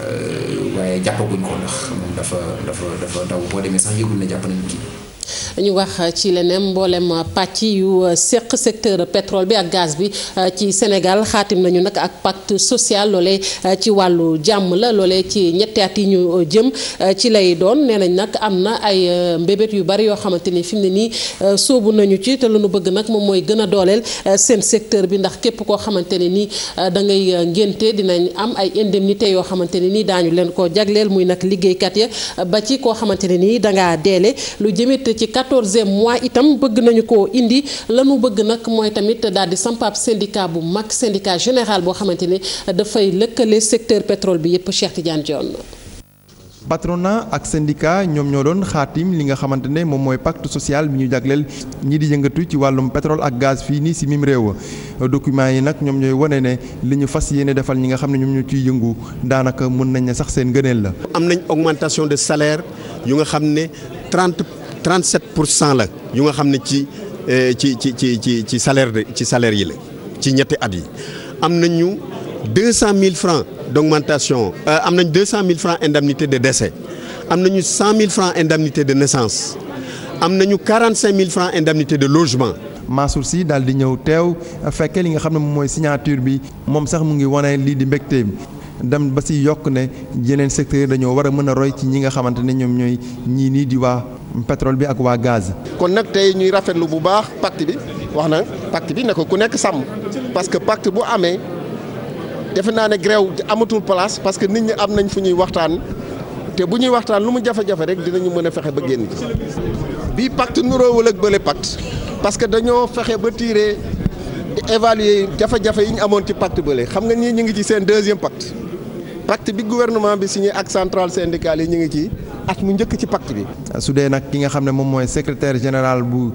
euh, waaye jàppaguñ ko ndax moom dafa dafa dafa daw boo demee sax yëgul na jàpp nañu kii ñu wax euh, ci leneen mboolem euh, pàcc yu euh, seq secteur pétrole bi ak gaz bi ci Sénégal xaatim nañu nag ak pacte social loole ci wàllu jàmm la loole ci ñetti at yi ñu jëm ci lay doon nee nañ nag am na ay mbébét yu bari yoo xamante ni fi mu ne nii soobu nañu ci te lu nu bëgg nag moom mooy gën a dooleel seen secteur bi ndax képp koo xamante ne nii da ngay ngénte dinañ am ay indemnité yoo xamante ne nii daañu leen koo jagleel muy nag liggéeykat ya ba ci koo xamante nii dangaa quatorzième mois itam bëgg nañu koo indi lanu bëgg nag mooy tamit daal di sampaab syndicat bu mag syndicat général boo xamante ne dafay lëkkale secteur pétrole bi yëpp Cheikh Tidiane Dione patronat ak syndicat ñoom ñoo doon xaatim li nga xamante ne moom mooy pacte social bi ñu jagleel ñi di yëngatu ci wàllum pétrole ak gaz fii nii si mim réew document yi nag ñoom ñooy wane ne li ñu fas yéene defal ñi nga xam ne ñoom ñoo ciy yëngu daanaka mën nañ ne sax seen gëneel la. am nañ augmentation de salaire yu nga xam ne 30 37 pour cent la yu nga xam ne ci eh, ci ci ci ci ci salaire ci salaire yi la ci ñetti at yi am nañu 200 000 francs d'augmentation euh, am nañ 200 mille francs indemnité de décès am nañu 100 mille francs indemnité de naissance am nañu 45 mille francs indemnité de logement. Mansour si daal di ñëw teew fekkee li nga xam ne moom mooy signature bi moom sax mu ngi wane lii di mbégte dem ba si yokk ne jeneen secteur dañoo war a mën a roy ci ñi nga xamante ne ñoom ñooy ñii pétrole bi ak waa gaz. kon nag tey ñuy rafet lu bu baax pacte bi wax na pacte bi ne ko ku nekk sàmm parce que pacte bu amee defe naa ne grève amatul place parce que nit ñi am nañ fu ñuy waxtaan te bu ñuy waxtaan lu mu jafe-jafe rek dinañu mën a fexe ba génn bii pacte nuroowul ak bële pacte parce que dañoo fexe ba tiire évaluer jafe-jafe yi ñu amoon ci pacte bële xam nga ñii ñu ngi ci seen deuxième pacte pacte bi gouvernement bi signé ak central centrale syndicale yi ñu ngi ci. at mu njëkk ci pacte bi. su dee nag ki nga xam ne moom mooy secrétaire général bu.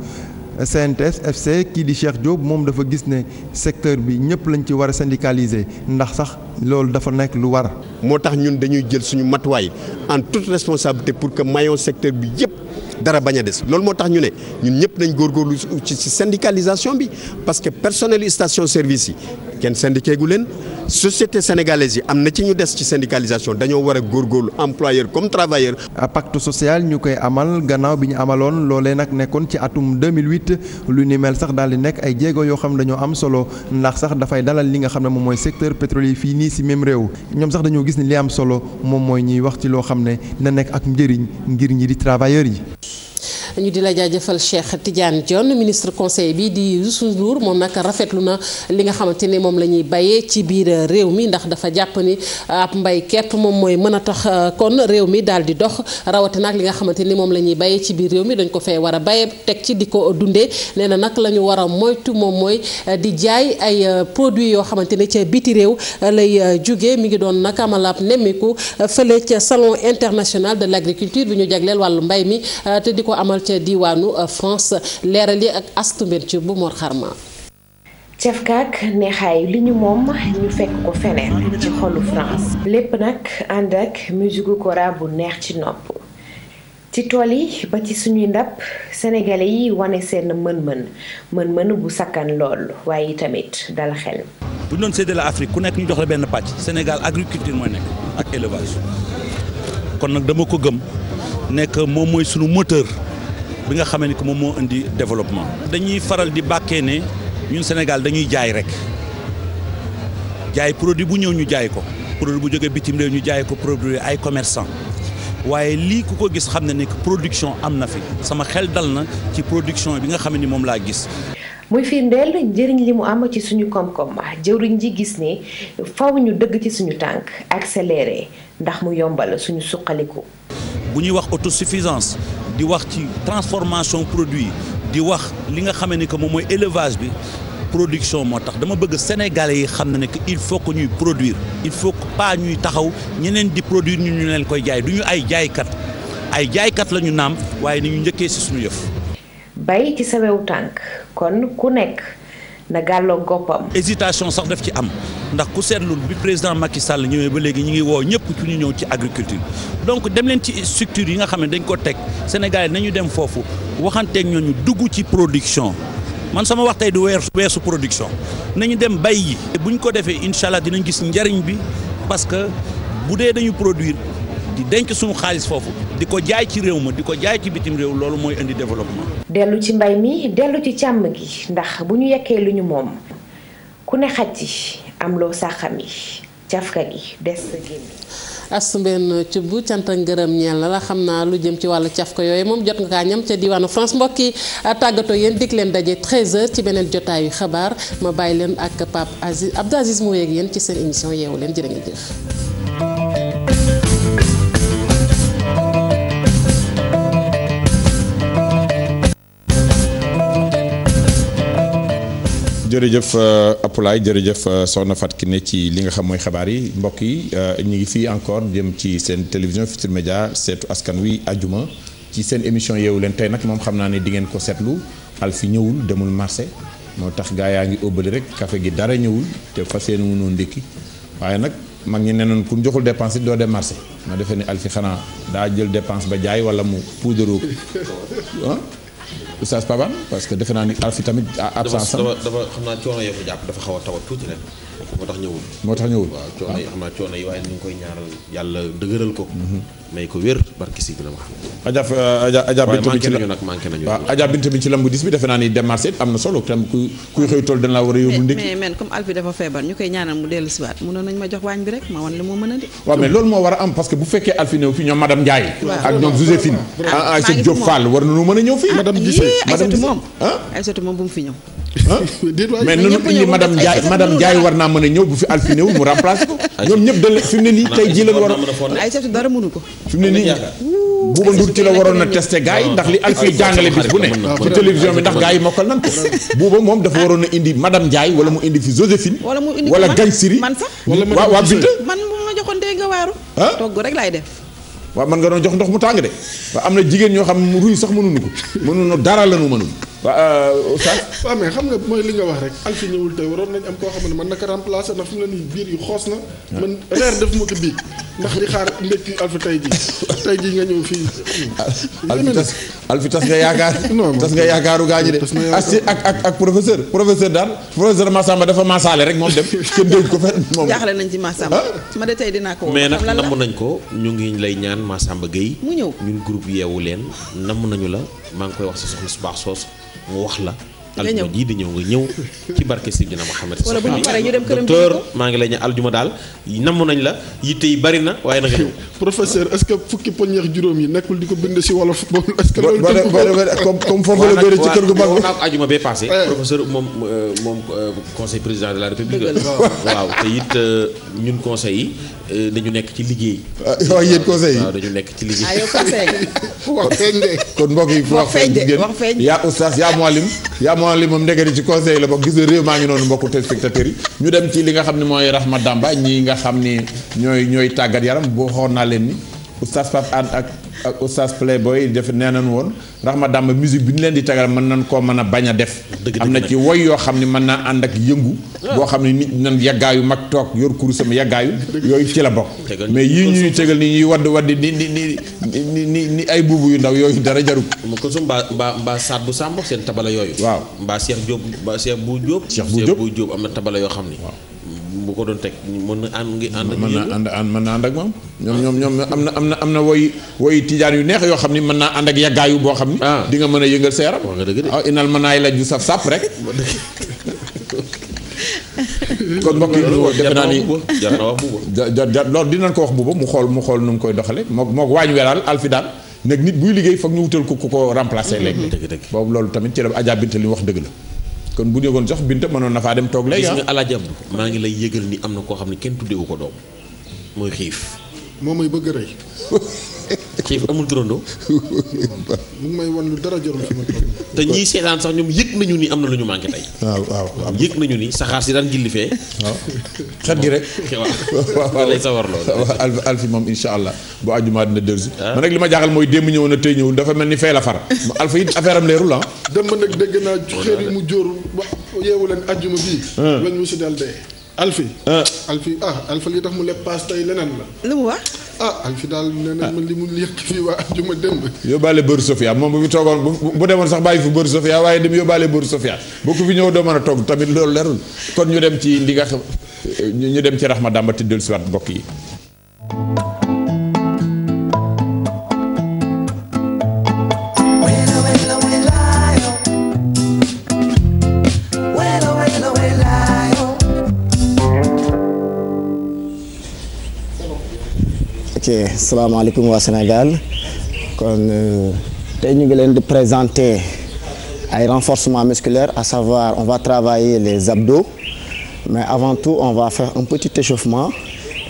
CNTS FC kii di Cheikh Diop moom dafa gis ne secteur bi ñëpp lañ ci war a syndicaliser ndax sax loolu dafa nekk lu war. moo tax ñun dañuy jël suñu matuwaay en toute responsabilité pour que maillon secteur bi yëpp dara baña a des loolu moo tax ñu ne ñun ñëpp góor góorgóorlu ci ci syndicalisation bi parce que personnel station service yi kenn syndiqué gu leen société sénégalaise yi am na ci ñu des ci syndicalisation dañoo war a góorgóorlu employeur comme travailleur. pacte social ñu koy amal gannaaw bi ñu amaloon loolee nag nekkoon ci atum 2008 lu ni mel sax daal di nekk ay jéego yoo xam ne dañoo am solo ndax sax dafay dalal li nga xam ne moom mooy secteur pétrolier fii nii si même réew ñoom sax dañoo gis ni li am solo moom mooy ñuy wax ci loo xam ne dina nekk ak njëriñ ngir ñi di travailleurs yi. ñu di la jaajëfal Cheikh tijaan Dione ministre conseil bi di Youssou Ndour moom nag rafetlu na li nga xamante ne moom la ñuy bayee ci biir réew mi ndax dafa jàpp ni ab mbay képp moom mooy mën a tax kon réew mi daal di dox rawatina li nga xamante ni moom la ñuy bayee ci biir réew mi dañ ko fee war a bayee teg ci di ko dundee nee na nag la ñu war a moytu moom mooy di jaay ay euh, produits yoo xamante ni ca biti réew euh, lay euh, jugee mi ngi doon nag amalaab nemmiku fële ca salon international de l' agriculture bi ñu jagleel wàllu mbay mi te di ko amal ca diwaanu euh, France leerali ak astumbir ci bu Mor Xarma. cef kaak li ñu moom ñu fekk ko feneen ci xolu France lépp nag ànd ak musique kora bu neex ci nopp ci tool yi ba ci suñuy ndap senegale yi wane seen mën-mën mën-mën bu sakkan lool waaye tamit dal xel bu ñu doon séddale Afrique ku nekk ñu jox la benn pàcc Sénégal agriculture mooy nekk ak élevage kon nag dama ko gëm nekk moom mooy suñu moteur bi nga xamee ni que moom moo indi développement. dañuy faral di bàkkee ne ñun Sénégal dañuy jaay rek jaay produit bu ñëw ñu jaay ko produit bu jógee bitim réew ñu jaay ko produit ay commerçant waaye lii ku ko gis xam ne ni production am na fi sama xel dal na ci production bi nga xam ni moom laa gis. muy firndeel njëriñ li mu am ci suñu koom-koom jëwriñ ji gis ne faw ñu dëgg ci suñu tànk ak accéléré ndax mu yombal suñu suqaliku. bu ñuy wax autosuffisance di wax ci transformation produit di wax li nga xamee ni que moom mooy élevage bi production moo tax dama bëgg sénégalais yi xam na ne que il faut que ñuy produire il faut que pas ñuy taxaw ñeneen di produire ñu ñu leen koy jaay du ñu ay jaaykat ay jaaykat la ñu naam waaye ni ñu njëkkee si suñu yëf. bay ci sa wew tànk kon ku nekk. na gàlloo goppam. hésitation sax def ci am ndax ku seetlu bi président Macky Sall ñëwee ba léegi ñu ngi woo ñëpp ci ñu ñëw ci agriculture donc dem leen ci structure yi nga xam ne dañ ko teg Sénégal nañu dem foofu waxanteeg ñooñu dugg ci production. man sama wax tey du weer su production nañu dem bay yi bu ñu ko defee incha allah dinañ gis njariñ bi parce que bu dee dañu produire di denc suñu xaalis foofu di ko jaay ci réew ma di ko jaay ci bitim réew loolu mooy indi développement dellu ci mbay mi dellu ci càmm gi ndax bu ñu yekkee lu ñu moom ku ne xaj yi am loo sàqam yi cafka gi des sa génn asu mbenn ci bu cant ak ngërëm ñeel la xam naa lu jëm ci wàllu cafka yooyu moom jot nga kaa ñam ca diwaanu France mbokk yi tàggatoo yéen dig leen daje 13 ci beneen jotaayu xabaar ma bàyyi leen ak Pape Aziz Abdou Aziz mu yeeg yéen ci seen émission yeewu leen jërë ngeen jëf jërëjëf euh, Apulaay jërëjëf euh, soxna Fatou Kiné ci li nga xam mooy xabaar yi mbokk yi euh, ñu ngi fii encore jëm ci seen télévision Futurs Médias seetu askan wi ajuma ci seen émission yeewu leen tey nag moom xam naa ne di ngeen ko seetlu Alphie ñëwul demul marché moo tax gaa yaa ngi óbbali rek café gi dara ñëwul te fa yéene wu noonu ndékki waaye nag mag ñi ne noonu ku joxul dépense it doo dem marché ma defee ni Alphie xanaa daa jël dépense ba jaay wala mu puudaroo ah oustaz Paban parce que defe naa ni Alfi tamit. absence dafa dafa xam naa coono yëfu jàpp dafa xaw a taw tuuti rek. moo tax ñëwul moo tax ñëwul waaw coono yi xam naa coono yi ñu koy ñaaral yàlla dëgëral ko mhm. may ko wér barki si la nag manqué nañu waaw ci lamb dis bi defe naa ni démarche it am na solo tam ku kuy xëy tool war a yóbbu ndékki comme albi dafa feebar ñu koy ñaanal mu dellu siwaat mënoon nañ ma jox waañ bi rek ma wan li moo mën a di waaw mais loolu moo war a am parce que bu fekkee alfi ñëw fii ñoom madame Ndiaye ak ñoom Joséphine ah, Aïssatou Diop Fall war nañu mën a ñëw ah, ah. fi ñëw mais nunu indi madame Ndiaye madame Ndiaye war naa mën a ñëw bu fi alfiné wu mu remplace ko ñoom ñëpp dañ fi mu ne nii tey ji lañ war a Aïssatou dara mënu ko fi ne nii Bouba Ndour ci la waroon a testé gars ndax li alfi jàngale bis bu ne ci télévision bi ndax gars yi mokkal nan ko Bouba moom dafa waroon a indi madame Ndiaye wala mu indi fi Joséphine wala Gagne Siri waa waa Binta man bu ma joxoon dee nga waaru togg rek laay def waaw man nga doon jox ndox mu tàng de waaw am na jigéen ñoo xam ruy sax mënuñu ko mënuñu dara la ñu mënuñu waa euh, Oustaz. waaw mais xam nga mooy li nga wax rek Alfi ñëwul tey waroon nañ am koo xam ne man naka remplacé na fi mu ne nii biir xoos na. Ah. man reer def ma ko biig ndax di xaar ndekki Alfi tey jii tey jii nga ñëw fii. Alfi tas Alfi tas nga yaakaar. tas nga yaakaaru gaa ñi de. ak ak ak professeur professeur daal professeur Massamba dafa maasaale rek moom dem ko moom. jaaxle nañ ci Massamba. Ah. ma de tey dinaa ko mais nag namm nañ ko ñu ngi lay ñaan Massamba Gueye. mu ñëw ñun groupe yeewu leen namm nañu la maa ngi koy wax si soxna su baax soos mu wax la. aljuma jii di ñëw ñëw ci barke Sidina Muhammad wala bu maa ngi lay ñu aljuma daal namm nañ la yitte yi bari na waaye na yi ñëw. professeur est-ce que fukki poñeex juróom yi nekkul di ko bind si wolof boobu est-ce que loolu comme comme foofu la bëri gu mag waaw nag aljuma bee passé eh. professeur moom euh, moom euh, conseil président de la république waaw te it euh, ñun conseil yi Euh, dañu nekk ci liggéey. Ah, waaw yéen conseil waaw dañu nekk ci liggéey. ayoo ah, conseil. wax feeñ de. kon mbokk yi wax feeñ de wax feeñ yaa oustaz yaa muallim yaa muallim moom ndege di ci conseil la bokk gis nga réew maa ngi noonu mbokku téléspectateurs yi ñu dem ci li nga xam ne mooy rax ma Damba ñi nga xam ni ñooy ñooy tàggat yaram boo xoon naa leen ni oustaz Pape Anne ak. ak oustaz Playboy def nee nañ woon Rahma Damba musique bi ñu leen di tagal mën nañ koo mën a bañ a def am na ci woy yoo xam ne mën naa ànd ak yëngu boo xam ne nit nan yaggaayu mag toog yor kuru kurusam yaggaayu yooyu ci la bokk mais yii ñuy tegal ni ñuy wadd wadd ni ni ni ni ni ay buubu yu ndaw yooyu dara jarul mu ko mbaa mbaa mbaa saat bu sàmb seen tabala yooyu waaw mbaa Cheikh Diop mbaa Cheikh bu Diop Cheikh bu am na tabala yoo xam ni bu ko doon teg mën na ànd ngi ànd man naa ànd ànd mën naa ànd ak moom ñoom ñoom ñoom am na am na am na woy woy tijaan yu neex yoo xam ni mën naa ànd ak yàggaayu boo xam ni ah. di nga mën a yëngal seeram waaw ah, inal mën naay la ju saf sàpp rek kon mbokk yi defe naa ni jar na wax buuba jar loolu dinañ ko wax buuba mu xool mu xool nu mu koy doxale mook mook waañ welaal alfi daal nag nit buy liggéey foog ñu wutal ko ku ko remplacer léegi dëgg dëgg boobu loolu tamit ci la Adja Binta li wax dëgg la kon bu jógoon sax Binta mënoon na faa dem toog léegi gis ah. nga El maa ngi lay yëgal ni am na koo xam ne kenn tuddewu ko doom mooy xiif. moo mooy bëgg a rëy. xiif amul turandoo. mu may wan lu dara jarul fi ma toog. te ñiy seetaan sax ñoom yëg nañu ni am na lu ñu manqué tey. waaw waaw yëg nañu ni saxaar si daan gilli fee. waaw xet gi rek. waaw waaw lay sawar moom incha allah bu àjjumaa ah. li ma jaaxal mooy démb ñëw na tey ñëwul dafa mel ni fee a far. alfa it affaire am leerul ah. dem ba nag dégg naa xeer yi mu jóor wax yeewu leen àjjuma bii. Ah. lañ musu dal alfi. alfi ah alfa ah, li tax mu lepp paas tey leneen la. lu mu wax. ah Alfi daal nee na man li mu yëkk fii waa àjjuma démb. yóbbaale bëru Sofia moom bu fi toogoon bu demoon sax bàyyi fi bëru Sofia waaye dem yóbbaale bëru Sofia bu fi ñëw doo mën a togg tamit loolu leerul kon ñu dem ci li nga xam ñu dem ci raxma dàmba te dellusiwaat mbokk yi. salaamaaleykum waa Sénégal kon euh, tey ñu ngi leen di présenter ay renforcement musculaire à savoir on va travailler les abdos mais avant tout on va faire un petit échauffement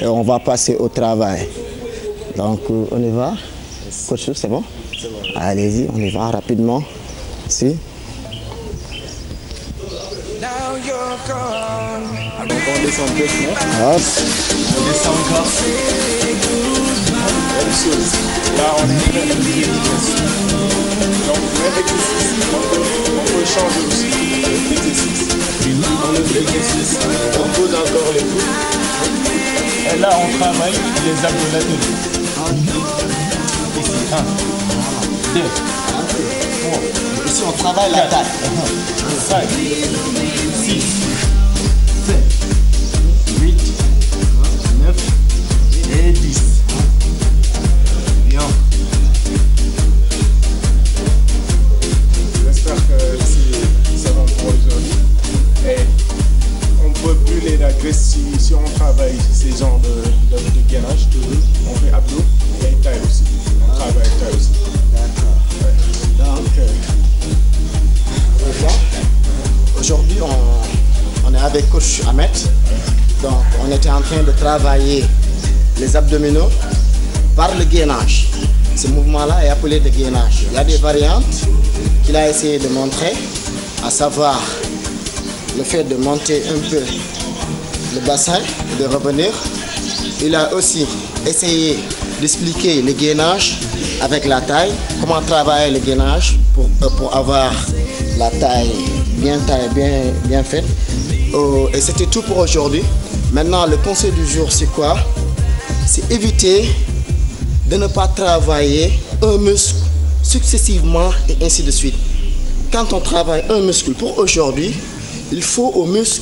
et on va passer au travail donc euh, on y va allez-y on y va rapidement si même chose. Là, on est très Donc, même exercice, on peut, on peut changer aussi avec l'exercice. On lève l'exercice, on pose encore les coudes. Et là, on travaille les abdos latéraux. Ici, un, deux, trois. Ici, on travaille la taille. Cinq, six. si, si on travaille ces genres de, de, de gainage, de, on fait abdos et taille aussi. On ah. travaille taille aussi. D'accord. Ouais. Donc, euh, aujourd'hui, on, on, est avec coach Ahmed. Donc, on était en train de travailler les abdominaux par le gainage. Ce mouvement-là est appelé le gainage. Il y a des variantes qu'il a essayé de montrer, à savoir le fait de monter un peu le bassin, de revenir. Il a aussi essayé d'expliquer le gainage avec la taille, comment travailler le gainage pour, euh, pour avoir la taille bien taille, bien, bien faite. Euh, et c'était tout pour aujourd'hui. Maintenant, le conseil du jour, c'est quoi C'est éviter de ne pas travailler un muscle successivement et ainsi de suite. Quand on travaille un muscle pour aujourd'hui, il faut au muscle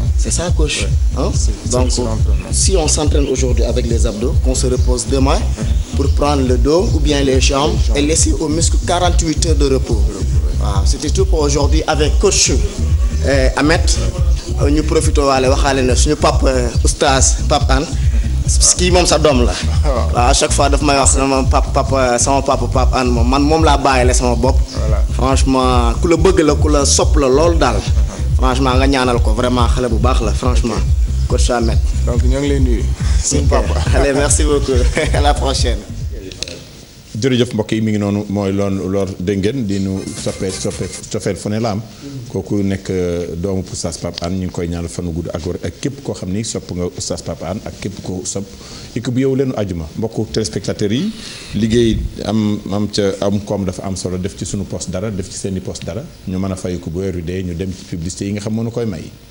C'est ça, coach. Ouais. Hein? Donc, si on s'entraîne aujourd'hui avec les abdos, qu'on se repose demain pour prendre le dos ou bien les jambes et laisser aux muscles 48 heures de repos. waaw c'était tout pour aujourd'hui avec coach euh, Ahmed euh, ñu profité waale waxaale na suñu pap euh, oustaz pap an kii moom sa doom la waaw à chaque fois daf may wax sama pap pap sama pap pap moom man moom laa bàyyile sama bopp franchement ku la bëgg la ku la sopp la loolu daal franchement nga ñaanal ko vraiment xale bu baax la franchement. coach Ahmed. donc ñoo ngi lay nuyu. suñu papa allez merci beaucoup à la prochaine. jërëjëf mbokk yi mi ngi noonu mooy loon lor dégg ngeen di nu soppee soppee soppeel fu ne la am kooku nekk euh, doomu oustaz Pape Hann ñu ngi koy ñaanal fanu gudd ak wér ak képp koo xam ni sopp nga oustaz Pape ak képp ko sopp équipe yow leenu ajuma mbokku téléspectateurs yi liggéey am am ca am koom dafa am solo def ci suñu poste dara def ci seen i poste dara ñu mën a fay fayeku bu weeru dee ñu dem ci publicité yi nga xam mënu koy may